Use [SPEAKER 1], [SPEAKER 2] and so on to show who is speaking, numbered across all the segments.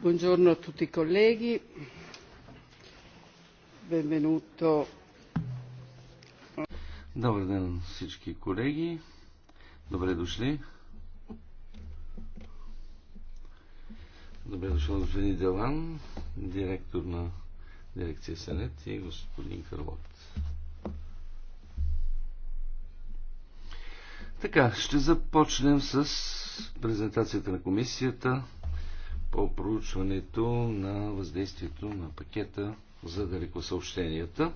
[SPEAKER 1] Buongiorno a tutti i colleghi, benvenuto.
[SPEAKER 2] Добър ден всички колеги, добре дошли. Добре дошъл господин Делан, директор на дирекция Сенет и господин Карлот. Така, ще започнем с презентацията на комисията по проучването на въздействието на пакета за далекосъобщенията.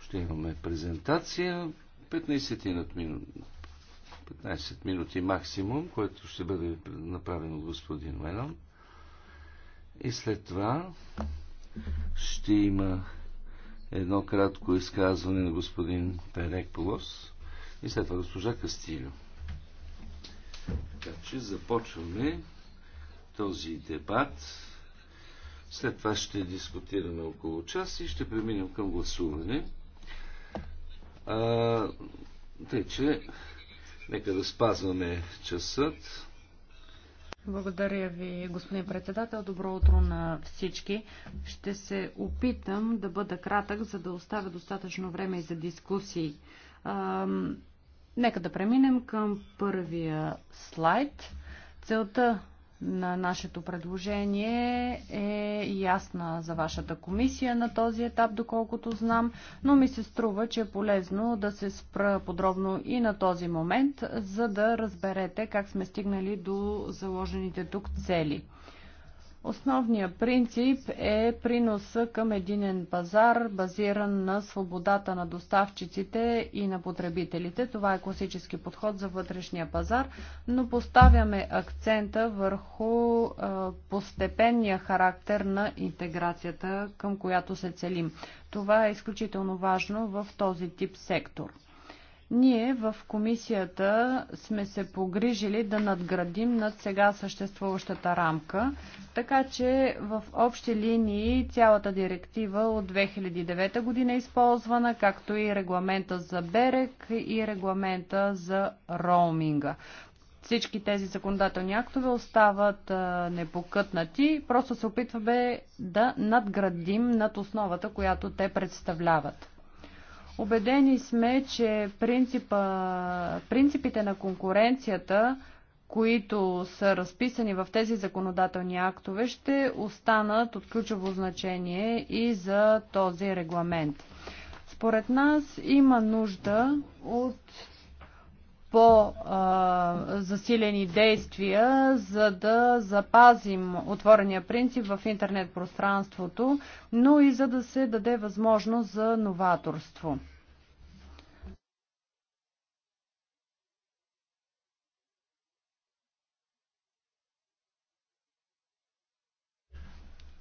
[SPEAKER 2] Ще имаме презентация 15 минути, 15 минути максимум, което ще бъде направено от господин Мелан. И след това ще има едно кратко изказване на господин Перек Полос и след това госпожа Кастилю. Така че започваме този дебат. След това ще дискутираме около час и ще преминем към гласуване. А, тъй, че нека да спазваме часът.
[SPEAKER 3] Благодаря ви, господин председател. Добро утро на всички. Ще се опитам да бъда кратък, за да оставя достатъчно време и за дискусии. Ам, нека да преминем към първия слайд. Целта на нашето предложение е ясна за вашата комисия на този етап, доколкото знам, но ми се струва, че е полезно да се спра подробно и на този момент, за да разберете как сме стигнали до заложените тук цели. Основният принцип е приноса към единен пазар, базиран на свободата на доставчиците и на потребителите. Това е класически подход за вътрешния пазар, но поставяме акцента върху постепенния характер на интеграцията, към която се целим. Това е изключително важно в този тип сектор. Ние в комисията сме се погрижили да надградим над сега съществуващата рамка, така че в общи линии цялата директива от 2009 година е използвана, както и регламента за Берек и регламента за роуминга всички тези законодателни актове остават непокътнати. Просто се опитваме да надградим над основата, която те представляват. Обедени сме, че принципа, принципите на конкуренцията, които са разписани в тези законодателни актове, ще останат от ключово значение и за този регламент. Според нас има нужда от по-засилени действия, за да запазим отворения принцип в интернет пространството, но и за да се даде възможност за новаторство.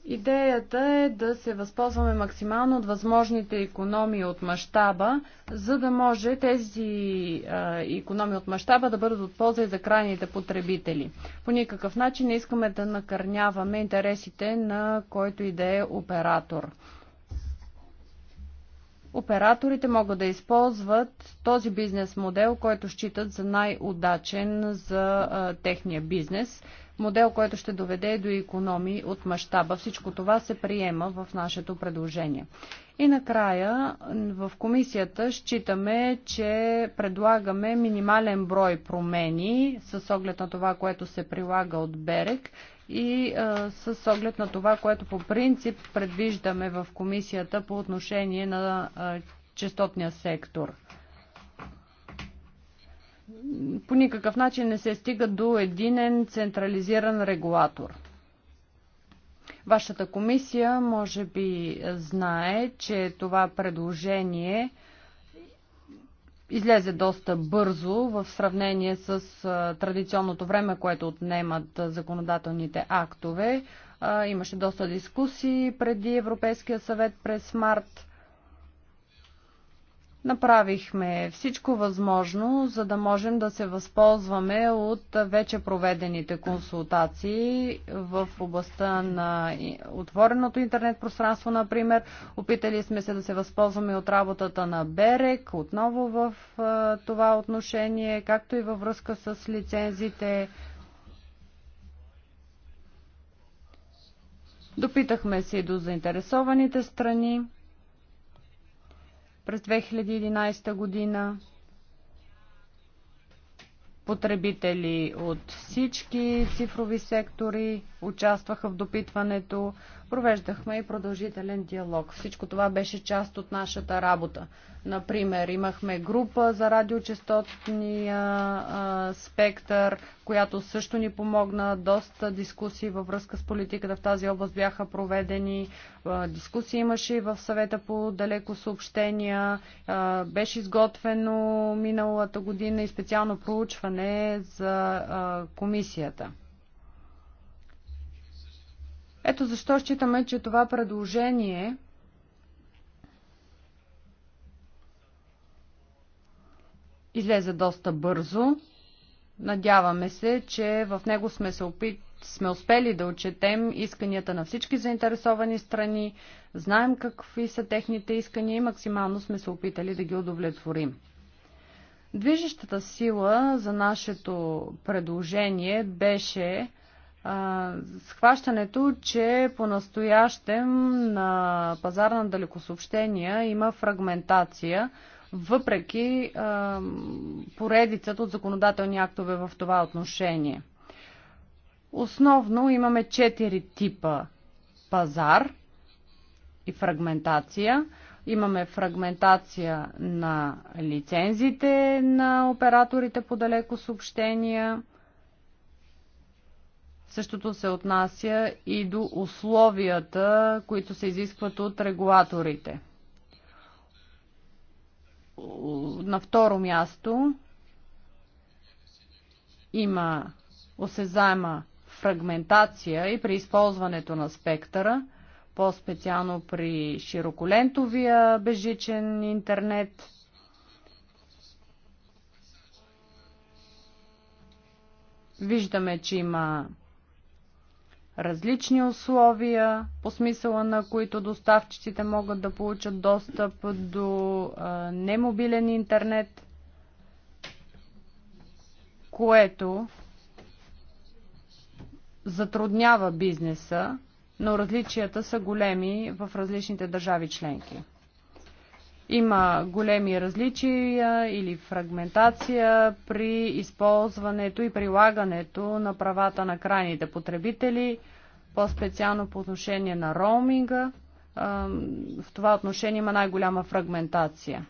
[SPEAKER 3] Идеята е да се възползваме максимално от възможните економии от мащаба, за да може тези економии от мащаба да бъдат от полза и за крайните потребители. По никакъв начин не искаме да накърняваме интересите на който и да е оператор. Операторите могат да използват този бизнес модел, който считат за най-удачен за техния бизнес модел, който ще доведе до економии от мащаба. Всичко това се приема в нашето предложение. И накрая в комисията считаме, че предлагаме минимален брой промени с оглед на това, което се прилага от Берег и а, с оглед на това, което по принцип предвиждаме в комисията по отношение на а, частотния сектор по никакъв начин не се стига до единен централизиран регулатор. Вашата комисия може би знае, че това предложение излезе доста бързо в сравнение с традиционното време, което отнемат законодателните актове. Имаше доста дискусии преди Европейския съвет през март. Направихме всичко възможно, за да можем да се възползваме от вече проведените консултации в областта на отвореното интернет пространство, например. Опитали сме се да се възползваме от работата на Берек, отново в това отношение, както и във връзка с лицензите. Допитахме се и до заинтересованите страни през 2011 година. Потребители от всички цифрови сектори участваха в допитването, провеждахме и продължителен диалог. Всичко това беше част от нашата работа. Например, имахме група за радиочастотния а, спектър, която също ни помогна. Доста дискусии във връзка с политиката в тази област бяха проведени. А, дискусии имаше и в съвета по далеко съобщения. А, беше изготвено миналата година и специално проучване за а, комисията. Ето защо считаме, че това предложение излезе доста бързо. Надяваме се, че в него сме се опитали сме успели да отчетем исканията на всички заинтересовани страни, знаем какви са техните искания и максимално сме се опитали да ги удовлетворим. Движещата сила за нашето предложение беше схващането, че по-настоящем на пазар на далекосъобщения има фрагментация, въпреки а, поредицата от законодателни актове в това отношение. Основно имаме четири типа пазар и фрагментация. Имаме фрагментация на лицензите на операторите по далеко съобщения, Същото се отнася и до условията, които се изискват от регулаторите. На второ място има осезаема фрагментация и при използването на спектъра, по-специално при широколентовия бежичен интернет. Виждаме, че има различни условия, по смисъла на които доставчиците могат да получат достъп до немобилен интернет, което затруднява бизнеса, но различията са големи в различните държави членки. Има големи различия или фрагментация при използването и прилагането на правата на крайните потребители – по-специално по отношение на роуминга. В това отношение има най-голяма фрагментация.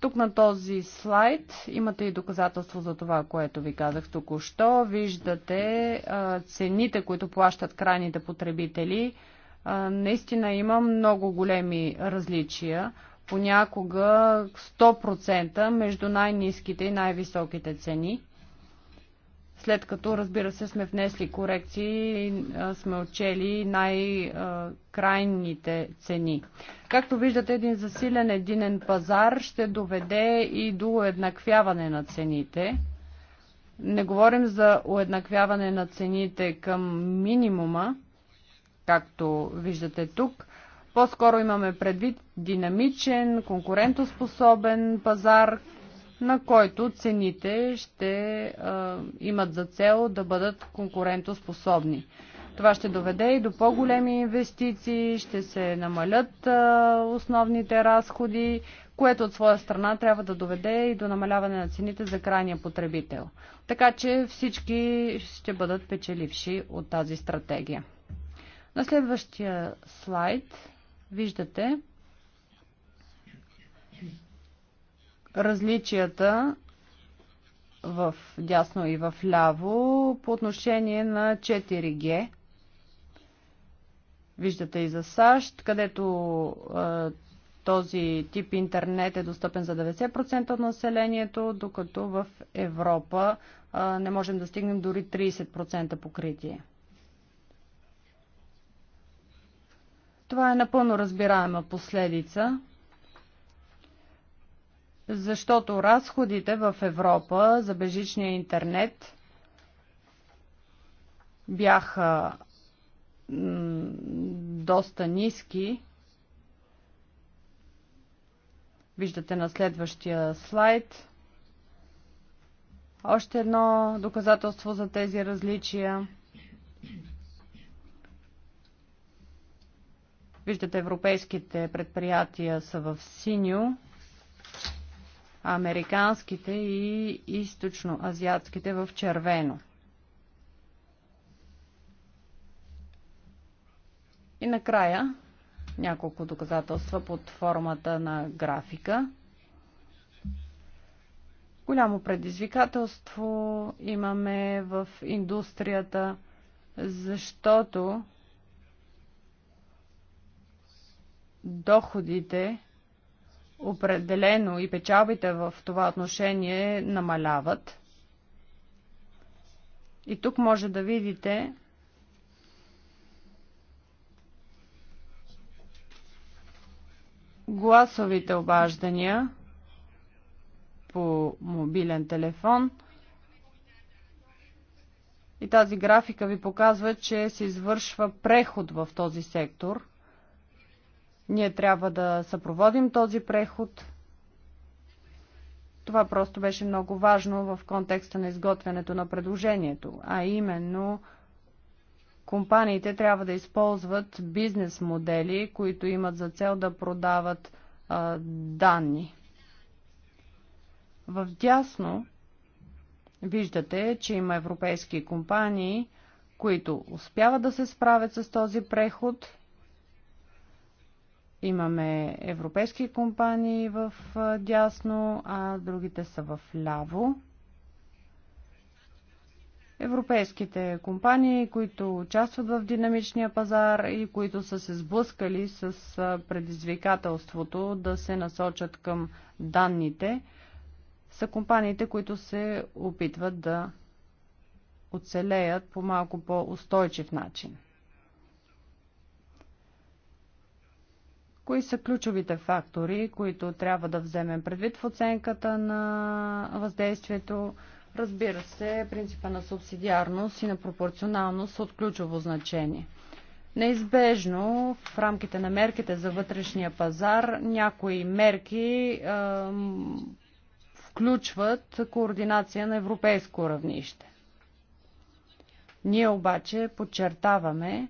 [SPEAKER 3] Тук на този слайд имате и доказателство за това, което ви казах току-що. Виждате цените, които плащат крайните потребители. Наистина има много големи различия понякога 100% между най-низките и най-високите цени след като, разбира се, сме внесли корекции, сме отчели най-крайните цени. Както виждате, един засилен единен пазар ще доведе и до уеднаквяване на цените. Не говорим за уеднаквяване на цените към минимума, както виждате тук. По-скоро имаме предвид динамичен, конкурентоспособен пазар, на който цените ще а, имат за цел да бъдат конкурентоспособни. Това ще доведе и до по-големи инвестиции, ще се намалят а, основните разходи, което от своя страна трябва да доведе и до намаляване на цените за крайния потребител. Така че всички ще бъдат печеливши от тази стратегия. На следващия слайд виждате, различията в дясно и в ляво по отношение на 4G. Виждате и за САЩ, където е, този тип интернет е достъпен за 90% от населението, докато в Европа е, не можем да стигнем дори 30% покритие. Това е напълно разбираема последица защото разходите в Европа за бежичния интернет бяха доста ниски. Виждате на следващия слайд. Още едно доказателство за тези различия. Виждате, европейските предприятия са в синьо, американските и източно азиатските в червено. И накрая няколко доказателства под формата на графика. Голямо предизвикателство имаме в индустрията, защото доходите Определено и печалбите в това отношение намаляват. И тук може да видите гласовите обаждания по мобилен телефон. И тази графика ви показва, че се извършва преход в този сектор – ние трябва да съпроводим този преход. Това просто беше много важно в контекста на изготвянето на предложението, а именно компаниите трябва да използват бизнес модели, които имат за цел да продават а, данни. В дясно виждате, че има европейски компании, които успяват да се справят с този преход Имаме европейски компании в дясно, а другите са в ляво. Европейските компании, които участват в динамичния пазар и които са се сблъскали с предизвикателството да се насочат към данните, са компаниите, които се опитват да оцелеят по малко по-устойчив начин. Кои са ключовите фактори, които трябва да вземем предвид в оценката на въздействието? Разбира се, принципа на субсидиарност и на пропорционалност от ключово значение. Неизбежно в рамките на мерките за вътрешния пазар някои мерки е, включват координация на европейско равнище. Ние обаче подчертаваме,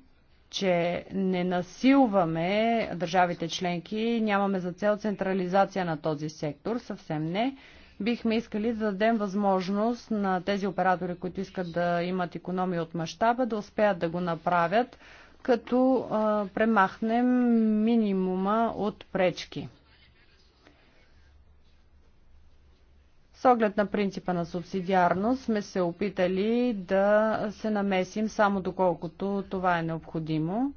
[SPEAKER 3] че не насилваме държавите членки, нямаме за цел централизация на този сектор, съвсем не. Бихме искали да дадем възможност на тези оператори, които искат да имат економия от мащаба, да успеят да го направят, като а, премахнем минимума от пречки. оглед на принципа на субсидиарност сме се опитали да се намесим само доколкото това е необходимо.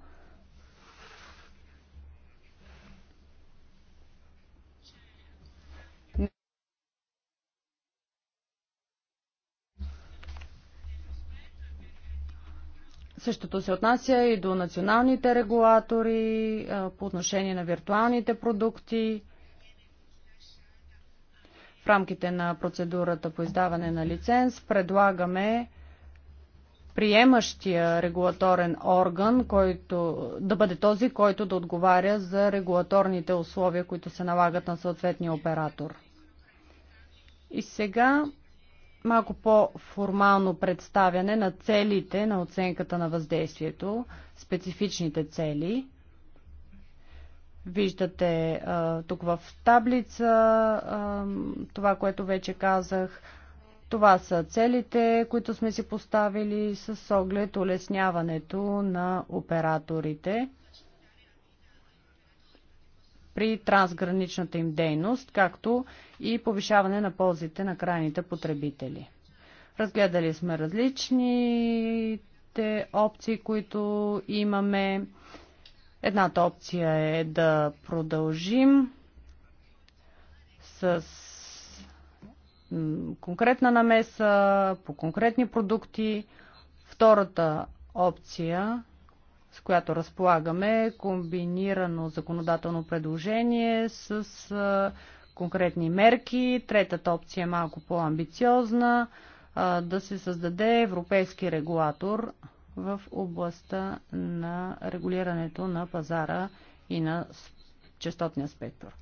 [SPEAKER 3] Същото се отнася и до националните регулатори по отношение на виртуалните продукти. В рамките на процедурата по издаване на лиценз предлагаме приемащия регулаторен орган, който да бъде този, който да отговаря за регулаторните условия, които се налагат на съответния оператор. И сега малко по-формално представяне на целите на оценката на въздействието, специфичните цели – Виждате а, тук в таблица а, това, което вече казах. Това са целите, които сме си поставили с оглед улесняването на операторите при трансграничната им дейност, както и повишаване на ползите на крайните потребители. Разгледали сме различните опции, които имаме. Едната опция е да продължим с конкретна намеса по конкретни продукти. Втората опция, с която разполагаме, е комбинирано законодателно предложение с конкретни мерки. Третата опция е малко по-амбициозна да се създаде европейски регулатор – в областта на регулирането на пазара и на частотния спектър.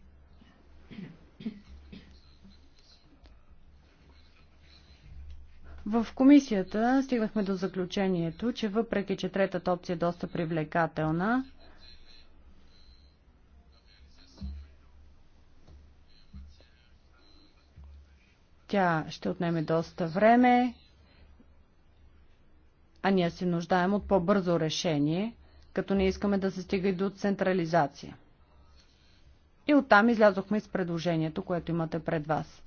[SPEAKER 3] В комисията стигнахме до заключението, че въпреки, че третата опция е доста привлекателна, тя ще отнеме доста време, а ние се нуждаем от по-бързо решение, като не искаме да се стига и до централизация. И оттам излязохме с предложението, което имате пред вас.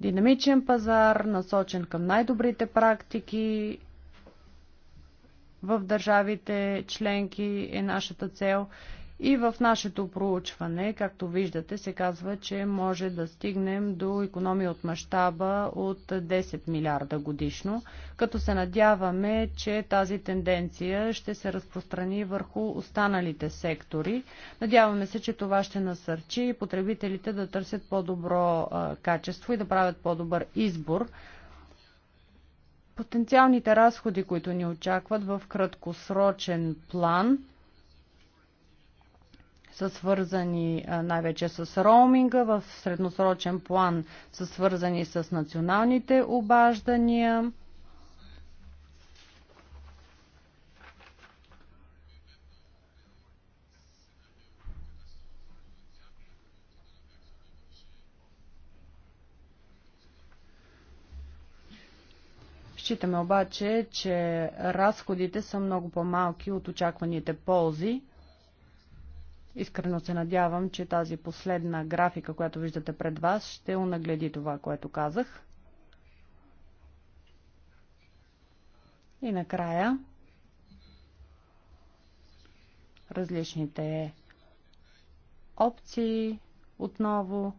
[SPEAKER 3] Динамичен пазар, насочен към най-добрите практики в държавите членки е нашата цел – и в нашето проучване, както виждате, се казва, че може да стигнем до економия от мащаба от 10 милиарда годишно, като се надяваме, че тази тенденция ще се разпространи върху останалите сектори. Надяваме се, че това ще насърчи потребителите да търсят по-добро качество и да правят по-добър избор потенциалните разходи, които ни очакват в краткосрочен план – са свързани най-вече с роуминга, в средносрочен план са свързани с националните обаждания. Считаме обаче, че разходите са много по-малки от очакваните ползи. Искрено се надявам, че тази последна графика, която виждате пред вас, ще унагледи това, което казах. И накрая различните опции отново.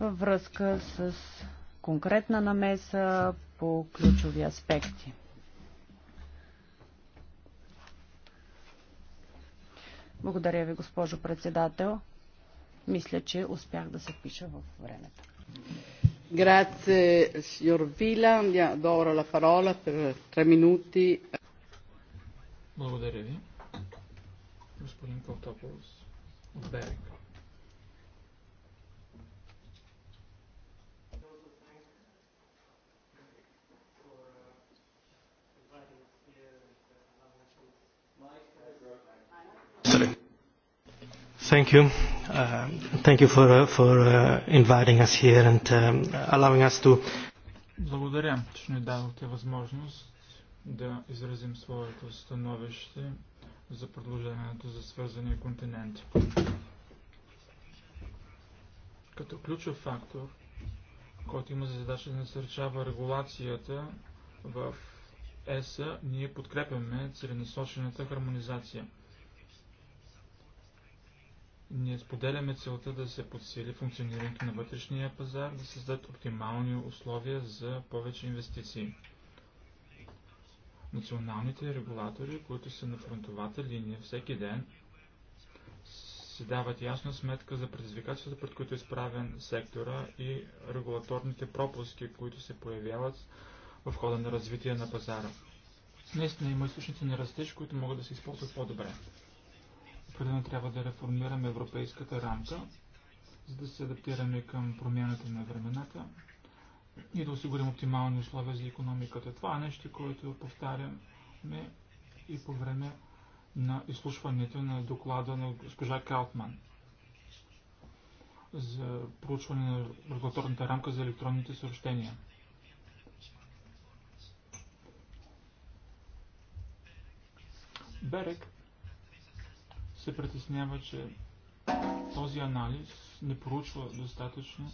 [SPEAKER 3] във връзка с конкретна намеса по ключови аспекти. Благодаря ви, госпожо председател. Мисля, че успях да се впиша в времето.
[SPEAKER 1] Grazie signor Vila, do ora la parola per tre minuti. Благодаря ви. Господин
[SPEAKER 4] Колтополос от Берега. Thank you. Uh, thank you for, uh, for uh, inviting us here and um, allowing us to... Благодаря, че ни дадохте възможност да изразим своето становище за предложението за свързания континент. Като ключов фактор, който има за задача да насърчава регулацията в ЕСА, ние подкрепяме целенасочената хармонизация – ние споделяме целта да се подсили функционирането на вътрешния пазар, да създадат оптимални условия за повече инвестиции. Националните регулатори, които са на фронтовата линия всеки ден, си дават ясна сметка за предизвикателствата, пред които е изправен сектора и регулаторните пропуски, които се появяват в хода на развитие на пазара. Наистина има източници на растеж, които могат да се използват по-добре. Определено трябва да реформираме европейската рамка, за да се адаптираме към промяната на времената и да осигурим оптимални условия за економиката. Това е нещо, което повтаряме и по време на изслушването на доклада на госпожа Калтман за проучване на регулаторната рамка за електронните съобщения. Берек се притеснява, че този анализ не проучва достатъчно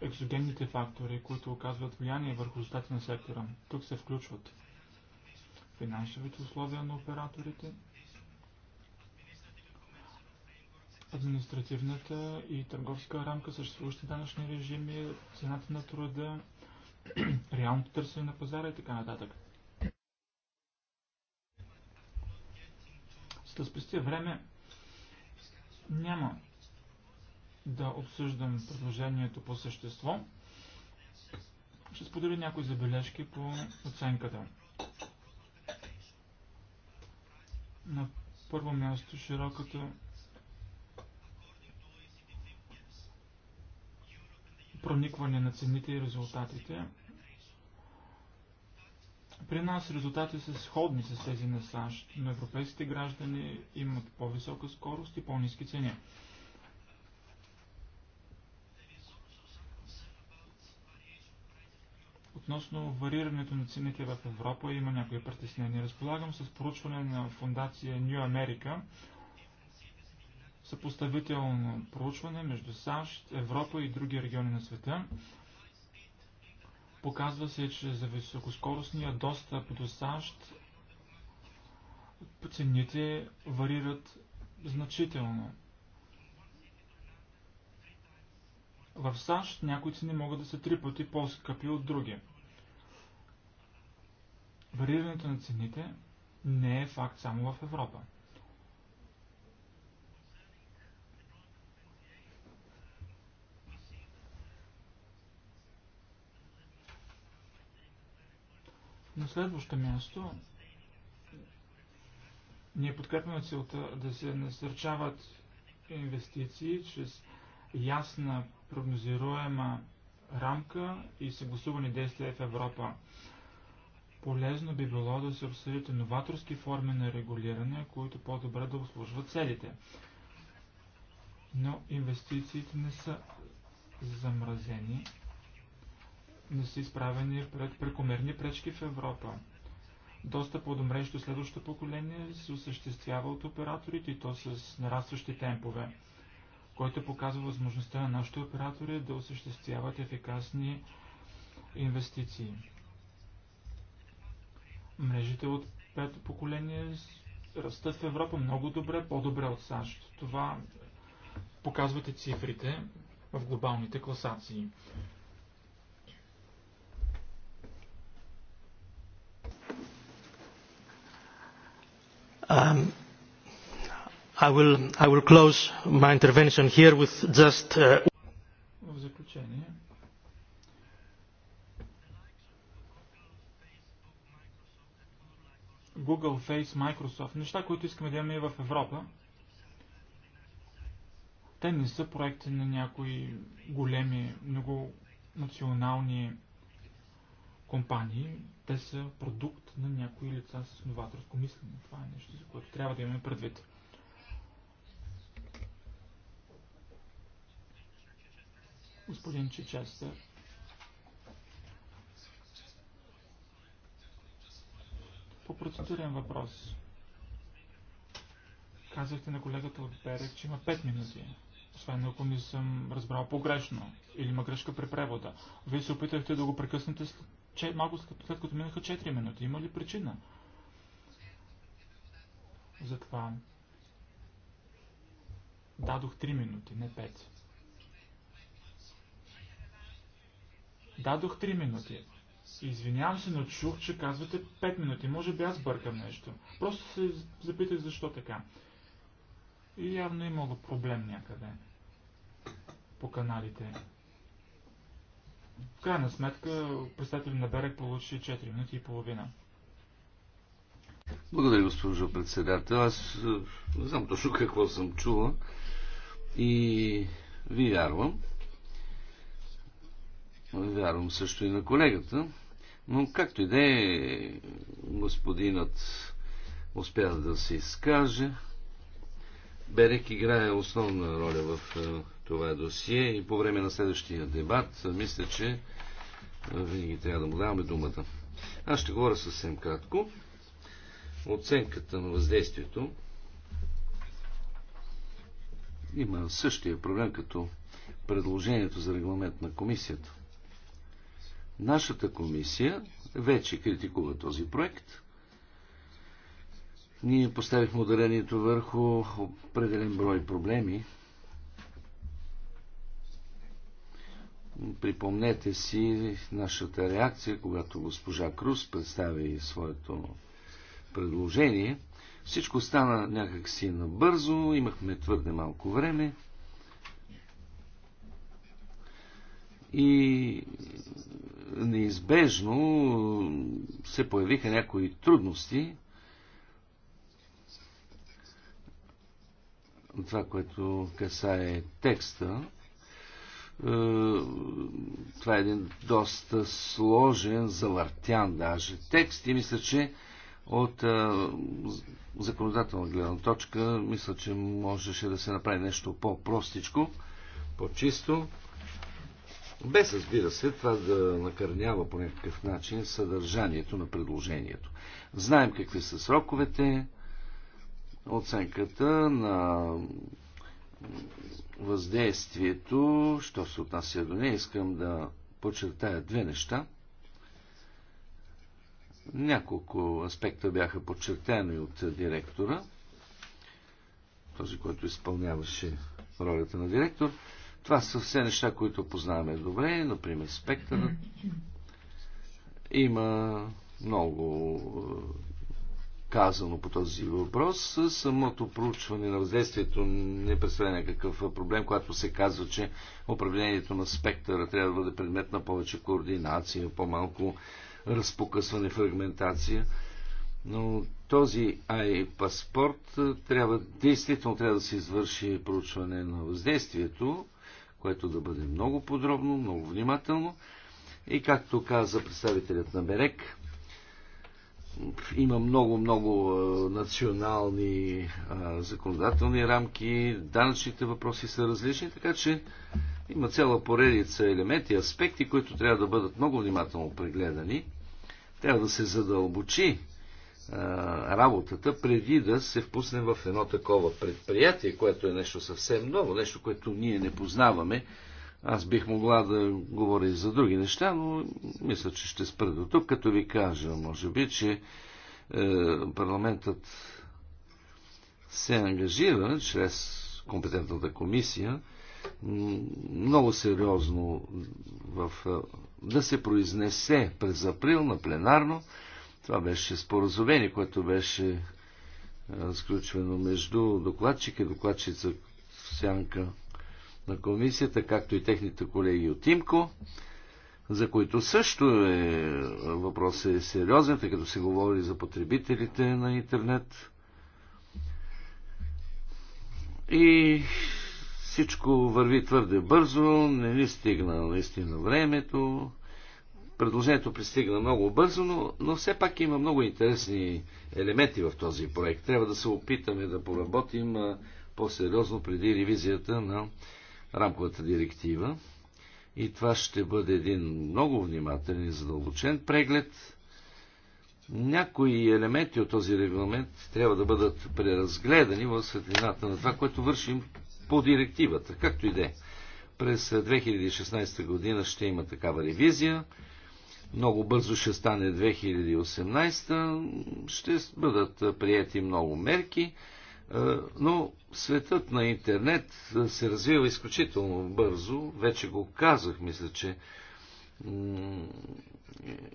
[SPEAKER 4] екзогенните фактори, които оказват влияние върху резултати на сектора. Тук се включват финансовите условия на операторите, административната и търговска рамка, съществуващи данъчни режими, цената на труда, реалното търсене на пазара и така нататък. да спестя време, няма да обсъждам предложението по същество. Ще споделя някои забележки по оценката. На първо място широката проникване на цените и резултатите при нас резултатите са сходни с тези на САЩ, но европейските граждани имат по-висока скорост и по-низки цени. Относно варирането на цените в Европа има някои притеснения. Разполагам с проучване на фундация New America, съпоставително проучване между САЩ, Европа и други региони на света. Показва се, че за високоскоростния достъп до САЩ цените варират значително. В САЩ някои цени могат да са три пъти по-скъпи от други. Варирането на цените не е факт само в Европа. На следващо място, ние подкрепяме целта да се насърчават инвестиции чрез ясна, прогнозируема рамка и съгласувани действия в Европа. Полезно би било да се обсъдят новаторски форми на регулиране, които по-добре да обслужват целите. Но инвестициите не са замразени не са изправени пред прекомерни пречки в Европа. Достъпът до мрежи до следващото поколение се осъществява от операторите и то с нарастващи темпове, което показва възможността на нашите оператори да осъществяват ефикасни инвестиции. Мрежите от пето поколение растат в Европа много добре, по-добре от САЩ. Това показвате цифрите в глобалните класации. Um, I will, close my intervention here with just... Uh, Google, Face, Microsoft, неща, които искаме да имаме и в Европа, те не са проекти на някои големи, много национални компании. Те са продукт на някои лица с новаторско мислене. Това е нещо, за което трябва да имаме предвид. Господин Чечестър, по процедурен въпрос. Казахте на колегата от Берег, че има 5 минути. Освен ако не съм разбрал погрешно или има грешка при превода. Вие се опитахте да го прекъснете след че, малко след като минаха 4 минути. Има ли причина за това? Дадох 3 минути, не 5. Дадох 3 минути. Извинявам се, но чух, че казвате 5 минути. Може би аз бъркам нещо. Просто се запитах защо така. И явно е имало проблем някъде по каналите. В крайна сметка, председател на Берек получи 4 минути и половина.
[SPEAKER 2] Благодаря, госпожо председател. Аз е, не знам точно какво съм чула и ви вярвам. Вярвам също и на колегата. Но както и да е, господинът успя да се изкаже. Берек играе основна роля в е, това досие и по време на следващия дебат мисля, че винаги трябва да му даваме думата. Аз ще говоря съвсем кратко. Оценката на въздействието има същия проблем като предложението за регламент на комисията. Нашата комисия вече критикува този проект. Ние поставихме ударението върху определен брой проблеми, Припомнете си нашата реакция, когато госпожа Крус представи своето предложение. Всичко стана някакси набързо, имахме твърде малко време. И неизбежно се появиха някои трудности. Това, което касае текста, е, това е един доста сложен, завъртян даже текст и мисля, че от а, е, законодателна гледна точка, мисля, че можеше да се направи нещо по-простичко, по-чисто, без, разбира се, това да накърнява по някакъв начин съдържанието на предложението. Знаем какви са сроковете, оценката на въздействието, що се отнася до нея, искам да подчертая две неща. Няколко аспекта бяха подчертани от директора, този, който изпълняваше ролята на директор. Това са все неща, които познаваме добре, например спектъра. Има много казано по този въпрос. Самото проучване на въздействието не представя някакъв е проблем, когато се казва, че управлението на спектъра трябва да бъде предмет на повече координация, по-малко разпокъсване, фрагментация. Но този ай паспорт трябва, действително трябва да се извърши проучване на въздействието, което да бъде много подробно, много внимателно. И както каза представителят на Берек, има много-много национални а, законодателни рамки, данъчните въпроси са различни, така че има цяла поредица елементи, аспекти, които трябва да бъдат много внимателно прегледани. Трябва да се задълбочи а, работата преди да се впуснем в едно такова предприятие, което е нещо съвсем ново, нещо, което ние не познаваме аз бих могла да говоря и за други неща, но мисля, че ще спра до тук, като ви кажа, може би, че е, парламентът се ангажира чрез компетентната комисия много сериозно в, е, да се произнесе през април на пленарно. Това беше споразумение, което беше е, сключвано между докладчик и докладчица Сянка на комисията, както и техните колеги от ИМКО, за които също е, въпросът е сериозен, тъй като се говори за потребителите на интернет. И всичко върви твърде бързо, не ни стигна наистина времето. Предложението пристигна много бързо, но, но все пак има много интересни елементи в този проект. Трябва да се опитаме да поработим по-сериозно преди ревизията на рамковата директива. И това ще бъде един много внимателен и задълбочен преглед. Някои елементи от този регламент трябва да бъдат преразгледани в светлината на това, което вършим по директивата, както и де. През 2016 година ще има такава ревизия. Много бързо ще стане 2018. Ще бъдат приети много мерки е, но светът на интернет се развива изключително бързо. Вече го казах, мисля, че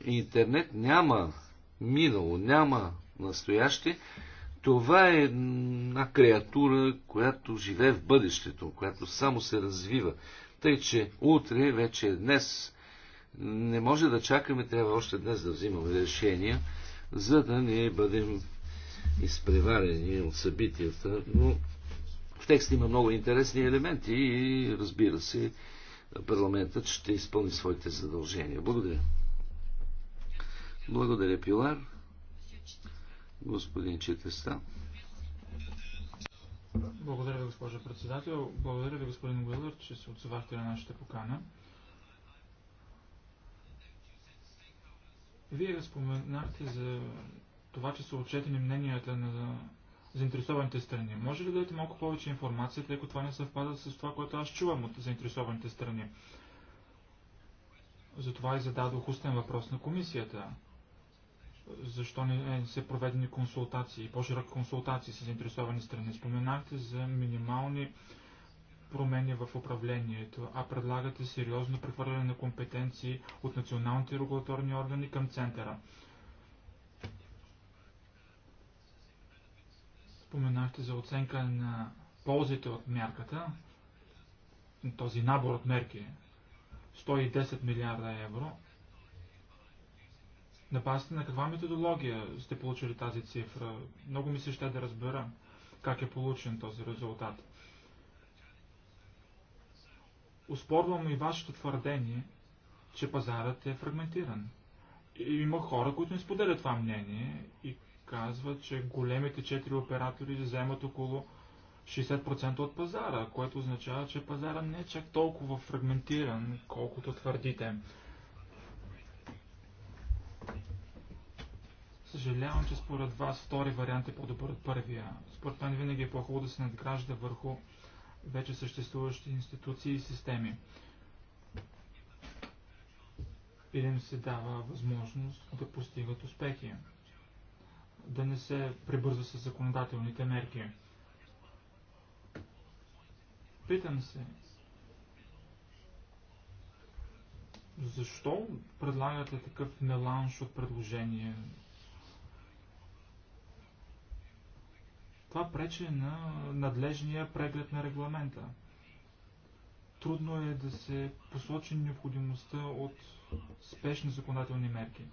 [SPEAKER 2] интернет няма минало, няма настояще. Това е една креатура, която живее в бъдещето, която само се развива. Тъй, че утре, вече днес, не може да чакаме, трябва още днес да взимаме решения, за да не бъдем изпреварени от събитията, но в текста има много интересни елементи и разбира се, парламентът ще изпълни своите задължения. Благодаря. Благодаря, Пилар. Господин Читеста.
[SPEAKER 4] Благодаря ви, госпожа председател. Благодаря ви, господин Уилър, че се отзовахте на нашата покана. Вие разпоменахте за това, че са отчетени мненията на заинтересованите страни. Може ли да дадете малко повече информация, тъй като това не съвпада с това, което аз чувам от заинтересованите страни? Затова и зададох устен въпрос на комисията. Защо не се проведени консултации, по-широки консултации с заинтересовани страни? Споменахте за минимални промени в управлението, а предлагате сериозно прехвърляне на компетенции от националните регулаторни органи към центъра. Споменахте за оценка на ползите от мярката, този набор от мерки, 110 милиарда евро. На базата на каква методология сте получили тази цифра? Много ми се ще да разбера как е получен този резултат. Успорвам и вашето твърдение, че пазарът е фрагментиран. И има хора, които не споделят това мнение и казва, че големите четири оператори вземат около 60% от пазара, което означава, че пазара не е чак толкова фрагментиран, колкото твърдите. Съжалявам, че според вас втори вариант е по-добър от първия. Според мен винаги е по-хубаво да се надгражда върху вече съществуващи институции и системи. И да им се дава възможност да постигат успехи да не се прибързва с законодателните мерки. Питам се, защо предлагате такъв меланш от предложение? Това пречи на надлежния преглед на регламента. Трудно е да се посочи необходимостта от спешни законодателни мерки.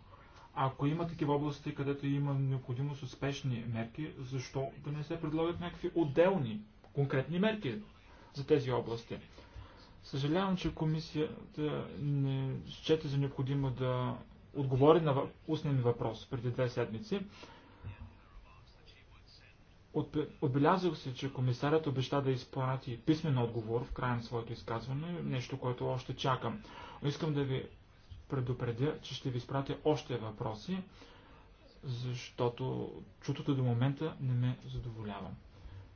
[SPEAKER 4] Ако има такива области, където има необходимост от спешни мерки, защо да не се предлагат някакви отделни, конкретни мерки за тези области? Съжалявам, че комисията не счете за необходимо да отговори на устния въпрос преди две седмици. Отбелязах се, че комисарят обеща да изпрати писмен отговор в края на своето изказване, нещо, което още чакам. Искам да ви предупредя, че ще ви изпратя още въпроси, защото чутото до момента не ме задоволява.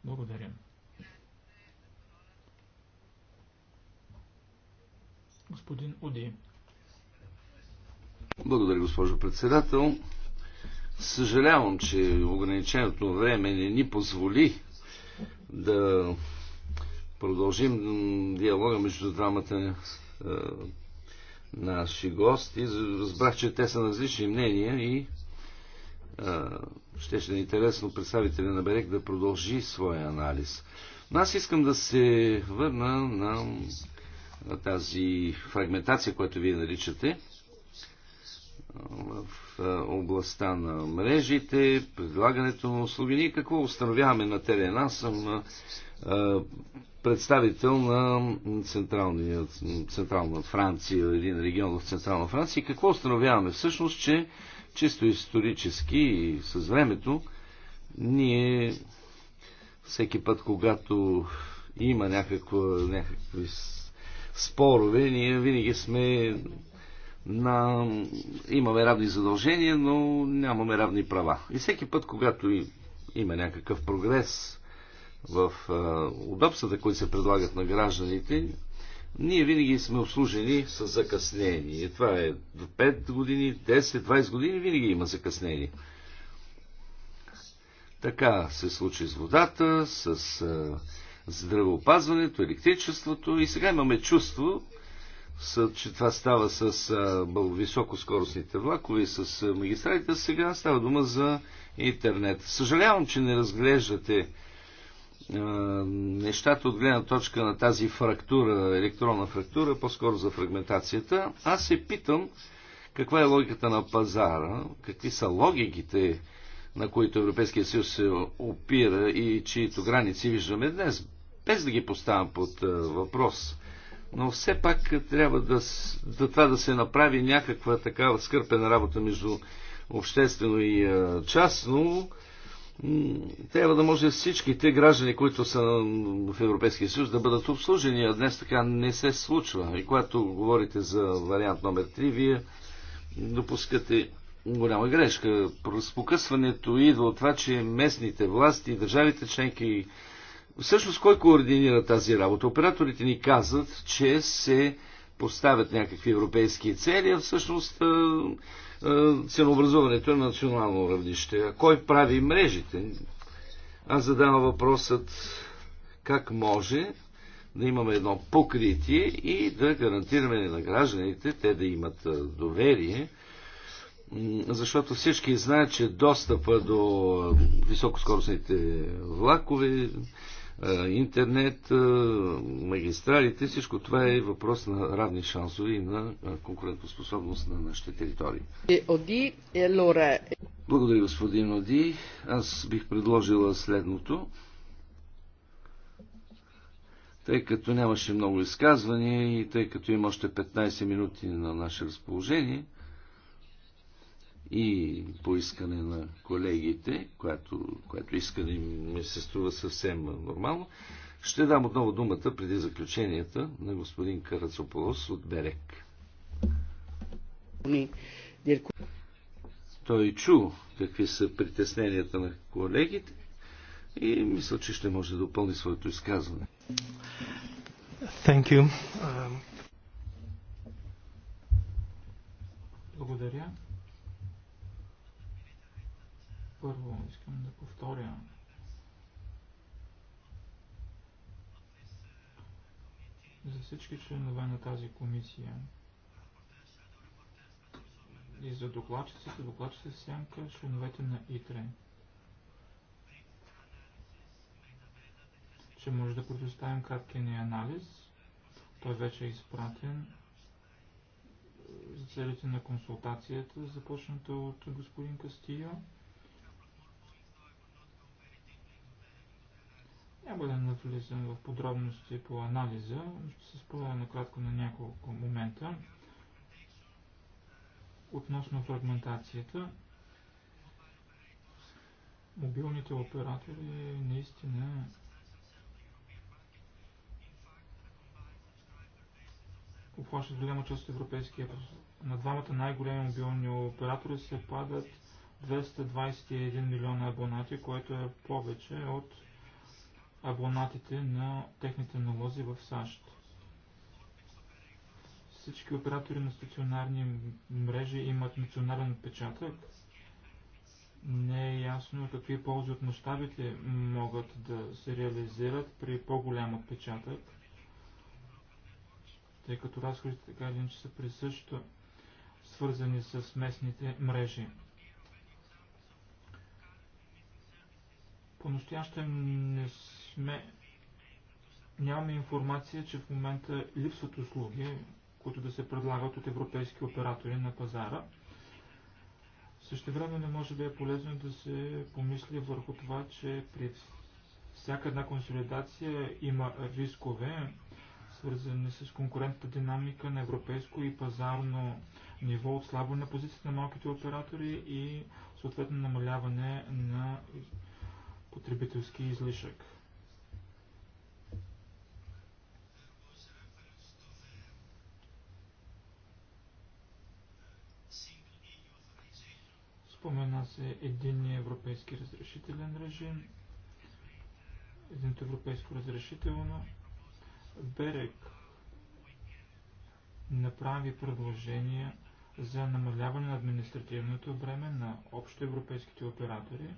[SPEAKER 4] Благодаря. Господин Уди.
[SPEAKER 2] Благодаря, госпожо председател. Съжалявам, че ограниченото време не ни позволи да продължим диалога между двамата е, наши гости. Разбрах, че те са на различни мнения и а, ще ще е интересно представителя на Берек да продължи своя анализ. Но аз искам да се върна на, на тази фрагментация, която вие наричате в областта на мрежите, предлагането на услуги. Ние какво установяваме на терена? Аз съм представител на Централния, Централна Франция, един регион в Централна Франция. какво установяваме всъщност, че чисто исторически и с времето ние всеки път, когато има някакво, някакви спорове, ние винаги сме на... имаме равни задължения, но нямаме равни права. И всеки път, когато има някакъв прогрес, в удобствата, които се предлагат на гражданите, ние винаги сме обслужени с закъснение. Това е до 5 години, 10, 20 години, винаги има закъснение. Така се случи с водата, с здравеопазването, електричеството и сега имаме чувство, че това става с високоскоростните влакове и с магистралите, сега става дума за интернет. Съжалявам, че не разглеждате нещата от гледна точка на тази фрактура, електронна фрактура, по-скоро за фрагментацията, аз се питам каква е логиката на пазара, какви са логиките, на които Европейския съюз се опира и чието граници виждаме днес, без да ги поставям под въпрос. Но все пак трябва да, да това да се направи някаква такава скърпена работа между обществено и частно, трябва да може всичките граждани, които са в Европейския съюз, да бъдат обслужени, а днес така не се случва. И когато говорите за вариант номер 3, вие допускате голяма грешка. Покъсването идва от това, че местните власти, държавите членки, всъщност кой координира тази работа? Операторите ни казват, че се поставят някакви европейски цели, а всъщност е, ценообразуването е на национално равнище. А кой прави мрежите? Аз задавам въпросът как може да имаме едно покритие и да гарантираме на гражданите те да имат е, доверие, защото всички знаят, че достъпа до е, високоскоростните влакове интернет, магистралите, всичко това е въпрос на равни шансове и на конкурентоспособност на нашите територии.
[SPEAKER 1] Е, е,
[SPEAKER 2] Благодаря, господин Оди. Аз бих предложила следното. Тъй като нямаше много изказвания и тъй като има още 15 минути на наше разположение, и по искане на колегите, което, което искане ми се струва съвсем нормално, ще дам отново думата преди заключенията на господин Карацополос от Берек. Той чу какви са притесненията на колегите и мисля, че ще може да допълни своето изказване.
[SPEAKER 4] Thank you. Благодаря. Първо, искам да повторя. За всички членове на тази комисия и за докладчиците, докладчици сянка, членовете на ИТРЕ, че може да предоставим краткия ни анализ. Той вече е изпратен за целите на консултацията, започната от господин Кастио. Няма да навлизам в подробности по анализа, ще се спомня накратко на няколко момента относно фрагментацията. Мобилните оператори наистина обхващат голяма част от европейския пазар. На двамата най-големи мобилни оператори се падат 221 милиона абонати, което е повече от абонатите на техните налози в САЩ. Всички оператори на стационарни мрежи имат национален отпечатък. Не е ясно какви ползи от мащабите могат да се реализират при по-голям отпечатък, тъй като разходите така или че са присъщо свързани с местните мрежи. По-настоящем не сме, нямаме информация, че в момента липсват услуги, които да се предлагат от европейски оператори на пазара. време не може би е полезно да се помисли върху това, че при всяка една консолидация има рискове, свързани с конкурентната динамика на европейско и пазарно ниво, слабо на позицията на малките оператори и съответно намаляване на потребителски излишък. Спомена се единния европейски разрешителен режим, единто европейско разрешително. Берек направи предложение за намаляване на административното време на общоевропейските оператори.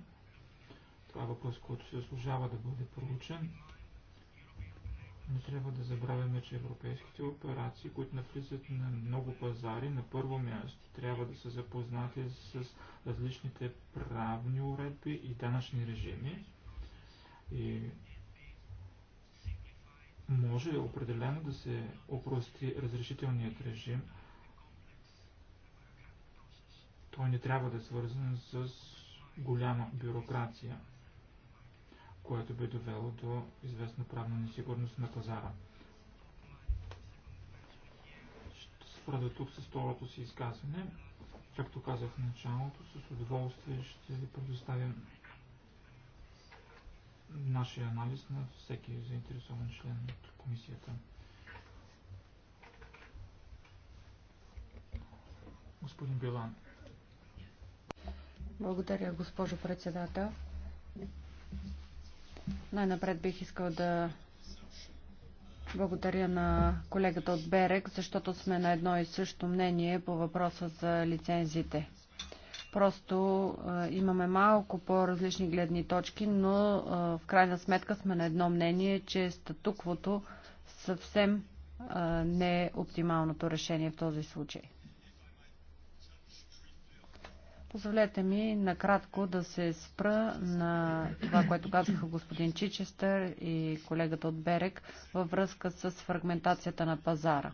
[SPEAKER 4] Това е въпрос, който се заслужава да бъде проучен. Не трябва да забравяме, че европейските операции, които навлизат на много пазари, на първо място трябва да са запознати с различните правни уредби и данъчни режими. И може определено да се опрости разрешителният режим. Той не трябва да е свързан с голяма бюрокрация което би довело до известна правна несигурност на пазара. Ще спра до тук с второто си изказване. Както казах в началото, с удоволствие ще ви предоставим нашия анализ на всеки заинтересован член от комисията. Господин Билан.
[SPEAKER 3] Благодаря, госпожо председател. Най-напред бих искал да благодаря на колегата от Берек, защото сме на едно и също мнение по въпроса за лицензите. Просто а, имаме малко по-различни гледни точки, но а, в крайна сметка сме на едно мнение, че статуквото съвсем а, не е оптималното решение в този случай. Позволете ми накратко да се спра на това, което казаха господин Чичестър и колегата от Берек във връзка с фрагментацията на пазара.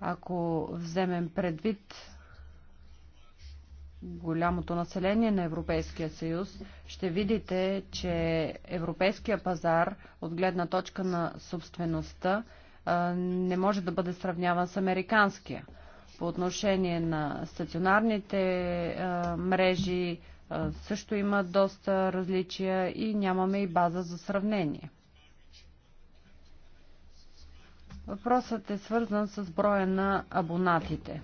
[SPEAKER 3] Ако вземем предвид голямото население на Европейския съюз, ще видите, че европейския пазар от гледна точка на собствеността не може да бъде сравняван с американския по отношение на стационарните мрежи също има доста различия и нямаме и база за сравнение. Въпросът е свързан с броя на абонатите.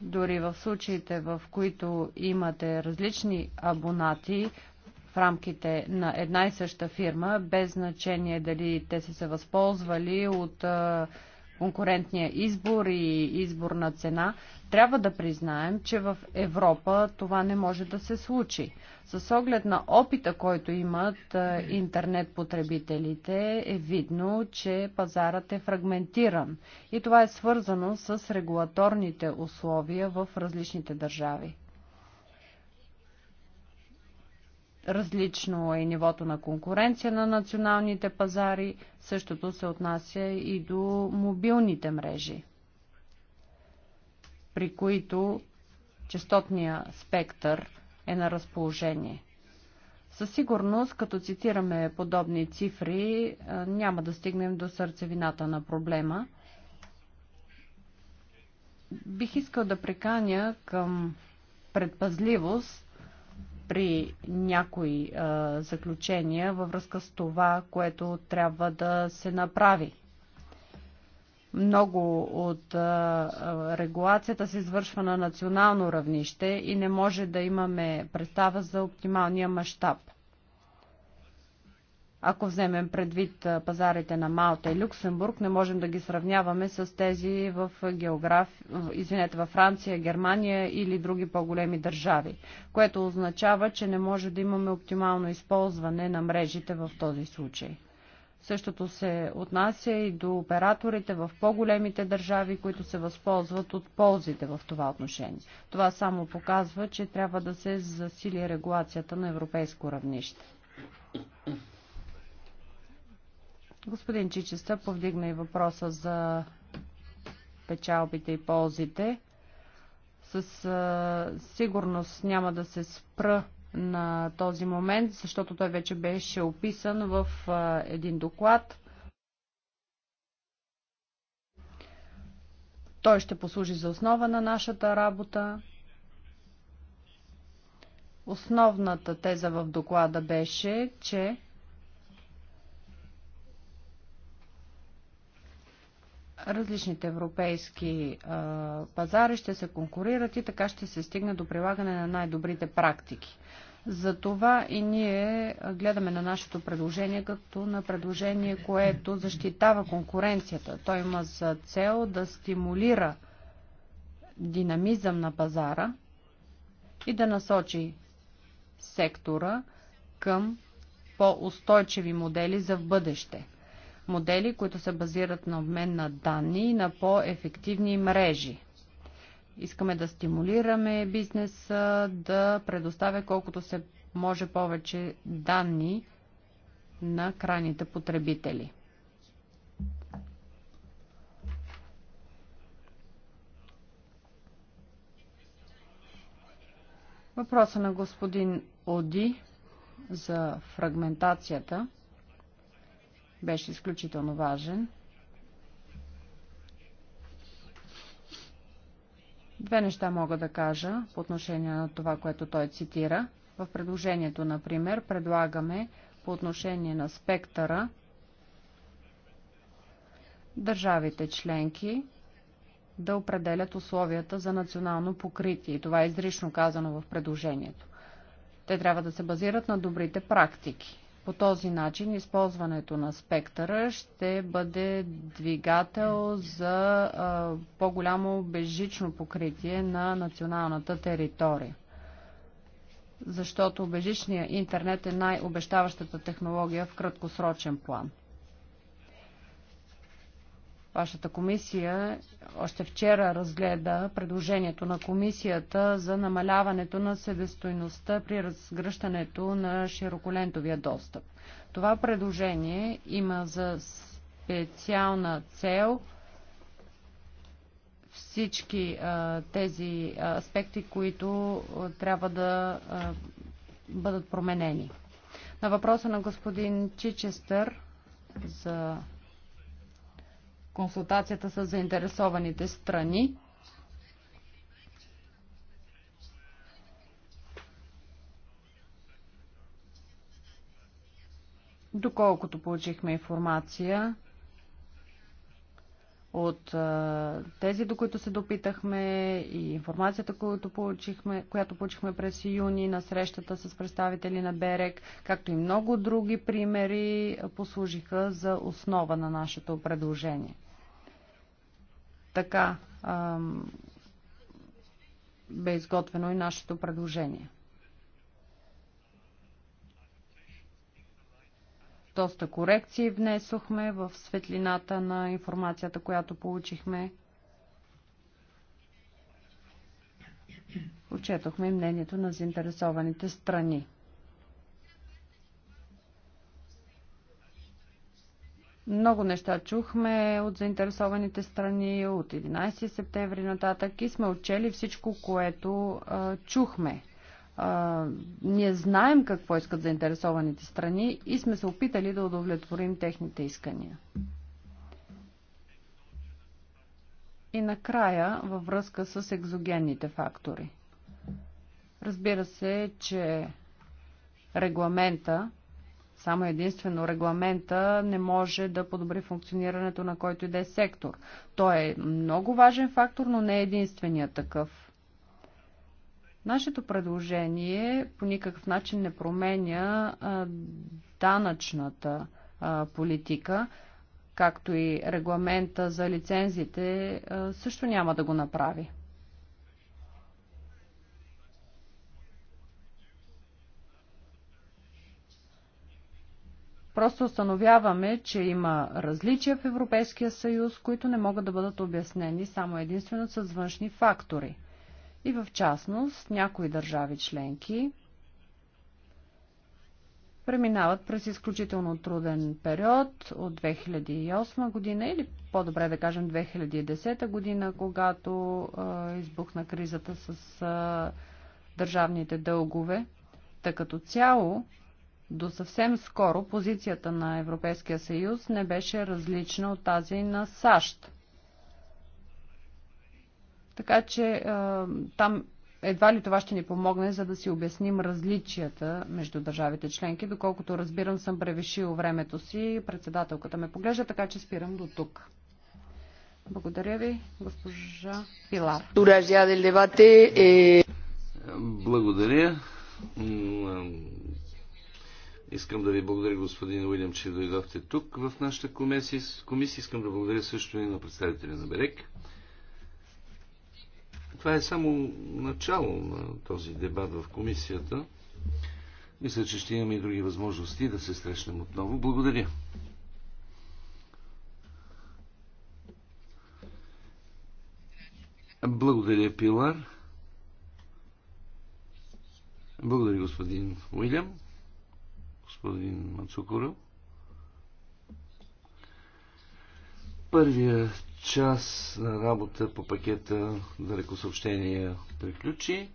[SPEAKER 3] Дори в случаите, в които имате различни абонати, в рамките на една и съща фирма, без значение дали те са се възползвали от конкурентния избор и избор на цена, трябва да признаем, че в Европа това не може да се случи. С оглед на опита, който имат е, интернет потребителите, е видно, че пазарът е фрагментиран и това е свързано с регулаторните условия в различните държави. Различно е нивото на конкуренция на националните пазари. Същото се отнася и до мобилните мрежи, при които частотния спектър е на разположение. Със сигурност, като цитираме подобни цифри, няма да стигнем до сърцевината на проблема. Бих искал да приканя към предпазливост при някои а, заключения във връзка с това, което трябва да се направи. Много от а, регулацията се извършва на национално равнище и не може да имаме представа за оптималния мащаб. Ако вземем предвид пазарите на Малта и Люксембург, не можем да ги сравняваме с тези в географ... Извинете, във Франция, Германия или други по-големи държави, което означава, че не може да имаме оптимално използване на мрежите в този случай. Същото се отнася и до операторите в по-големите държави, които се възползват от ползите в това отношение. Това само показва, че трябва да се засили регулацията на европейско равнище. Господин Чичеста повдигна и въпроса за печалбите и ползите. С а, сигурност няма да се спра на този момент, защото той вече беше описан в а, един доклад. Той ще послужи за основа на нашата работа. Основната теза в доклада беше, че различните европейски а, пазари ще се конкурират и така ще се стигне до прилагане на най-добрите практики. Затова и ние гледаме на нашето предложение като на предложение, което защитава конкуренцията. Той има за цел да стимулира динамизъм на пазара и да насочи сектора към по-устойчиви модели за в бъдеще модели, които се базират на обмен на данни и на по-ефективни мрежи. Искаме да стимулираме бизнеса да предоставя колкото се може повече данни на крайните потребители. Въпроса на господин Оди за фрагментацията – беше изключително важен. Две неща мога да кажа по отношение на това, което той цитира. В предложението, например, предлагаме по отношение на спектъра държавите членки да определят условията за национално покритие. Това е изрично казано в предложението. Те трябва да се базират на добрите практики. По този начин използването на спектъра ще бъде двигател за по-голямо безжично покритие на националната територия. Защото бежичният интернет е най-обещаващата технология в краткосрочен план. Вашата комисия още вчера разгледа предложението на комисията за намаляването на себестойността при разгръщането на широколентовия достъп. Това предложение има за специална цел всички а, тези аспекти, които а, трябва да а, бъдат променени. На въпроса на господин Чичестър за консултацията с заинтересованите страни. Доколкото получихме информация, от тези, до които се допитахме и информацията, която получихме, която получихме през юни на срещата с представители на Берек, както и много други примери, послужиха за основа на нашето предложение. Така бе изготвено и нашето предложение. Доста корекции внесохме в светлината на информацията, която получихме. Отчетохме мнението на заинтересованите страни. Много неща чухме от заинтересованите страни от 11 септември нататък и сме отчели всичко, което а, чухме ние знаем какво искат заинтересованите страни и сме се опитали да удовлетворим техните искания. И накрая, във връзка с екзогенните фактори. Разбира се, че регламента, само единствено регламента не може да подобри функционирането на който и да е сектор. Той е много важен фактор, но не е единственият такъв. Нашето предложение по никакъв начин не променя данъчната политика, както и регламента за лицензите също няма да го направи. Просто установяваме, че има различия в Европейския съюз, които не могат да бъдат обяснени само единствено с външни фактори – и в частност, някои държави членки преминават през изключително труден период от 2008 година или по-добре да кажем 2010 година, когато а, избухна кризата с а, държавните дългове. Та като цяло, до съвсем скоро позицията на Европейския съюз не беше различна от тази на САЩ. Така че там едва ли това ще ни помогне, за да си обясним различията между държавите членки. Доколкото разбирам, съм превишил времето си. Председателката ме поглежда, така че спирам до тук. Благодаря ви, госпожа Пилар.
[SPEAKER 2] Благодаря. Искам да ви благодаря, господин Уилям, че дойдохте тук в нашата комисия. комисия. Искам да благодаря също и на представителя на Берек. Това е само начало на този дебат в комисията. Мисля, че ще имаме и други възможности да се срещнем отново. Благодаря. Благодаря, Пилар. Благодаря, господин Уилям. Господин Мацукоро. Първият час на работа по пакета далекосъобщения приключи,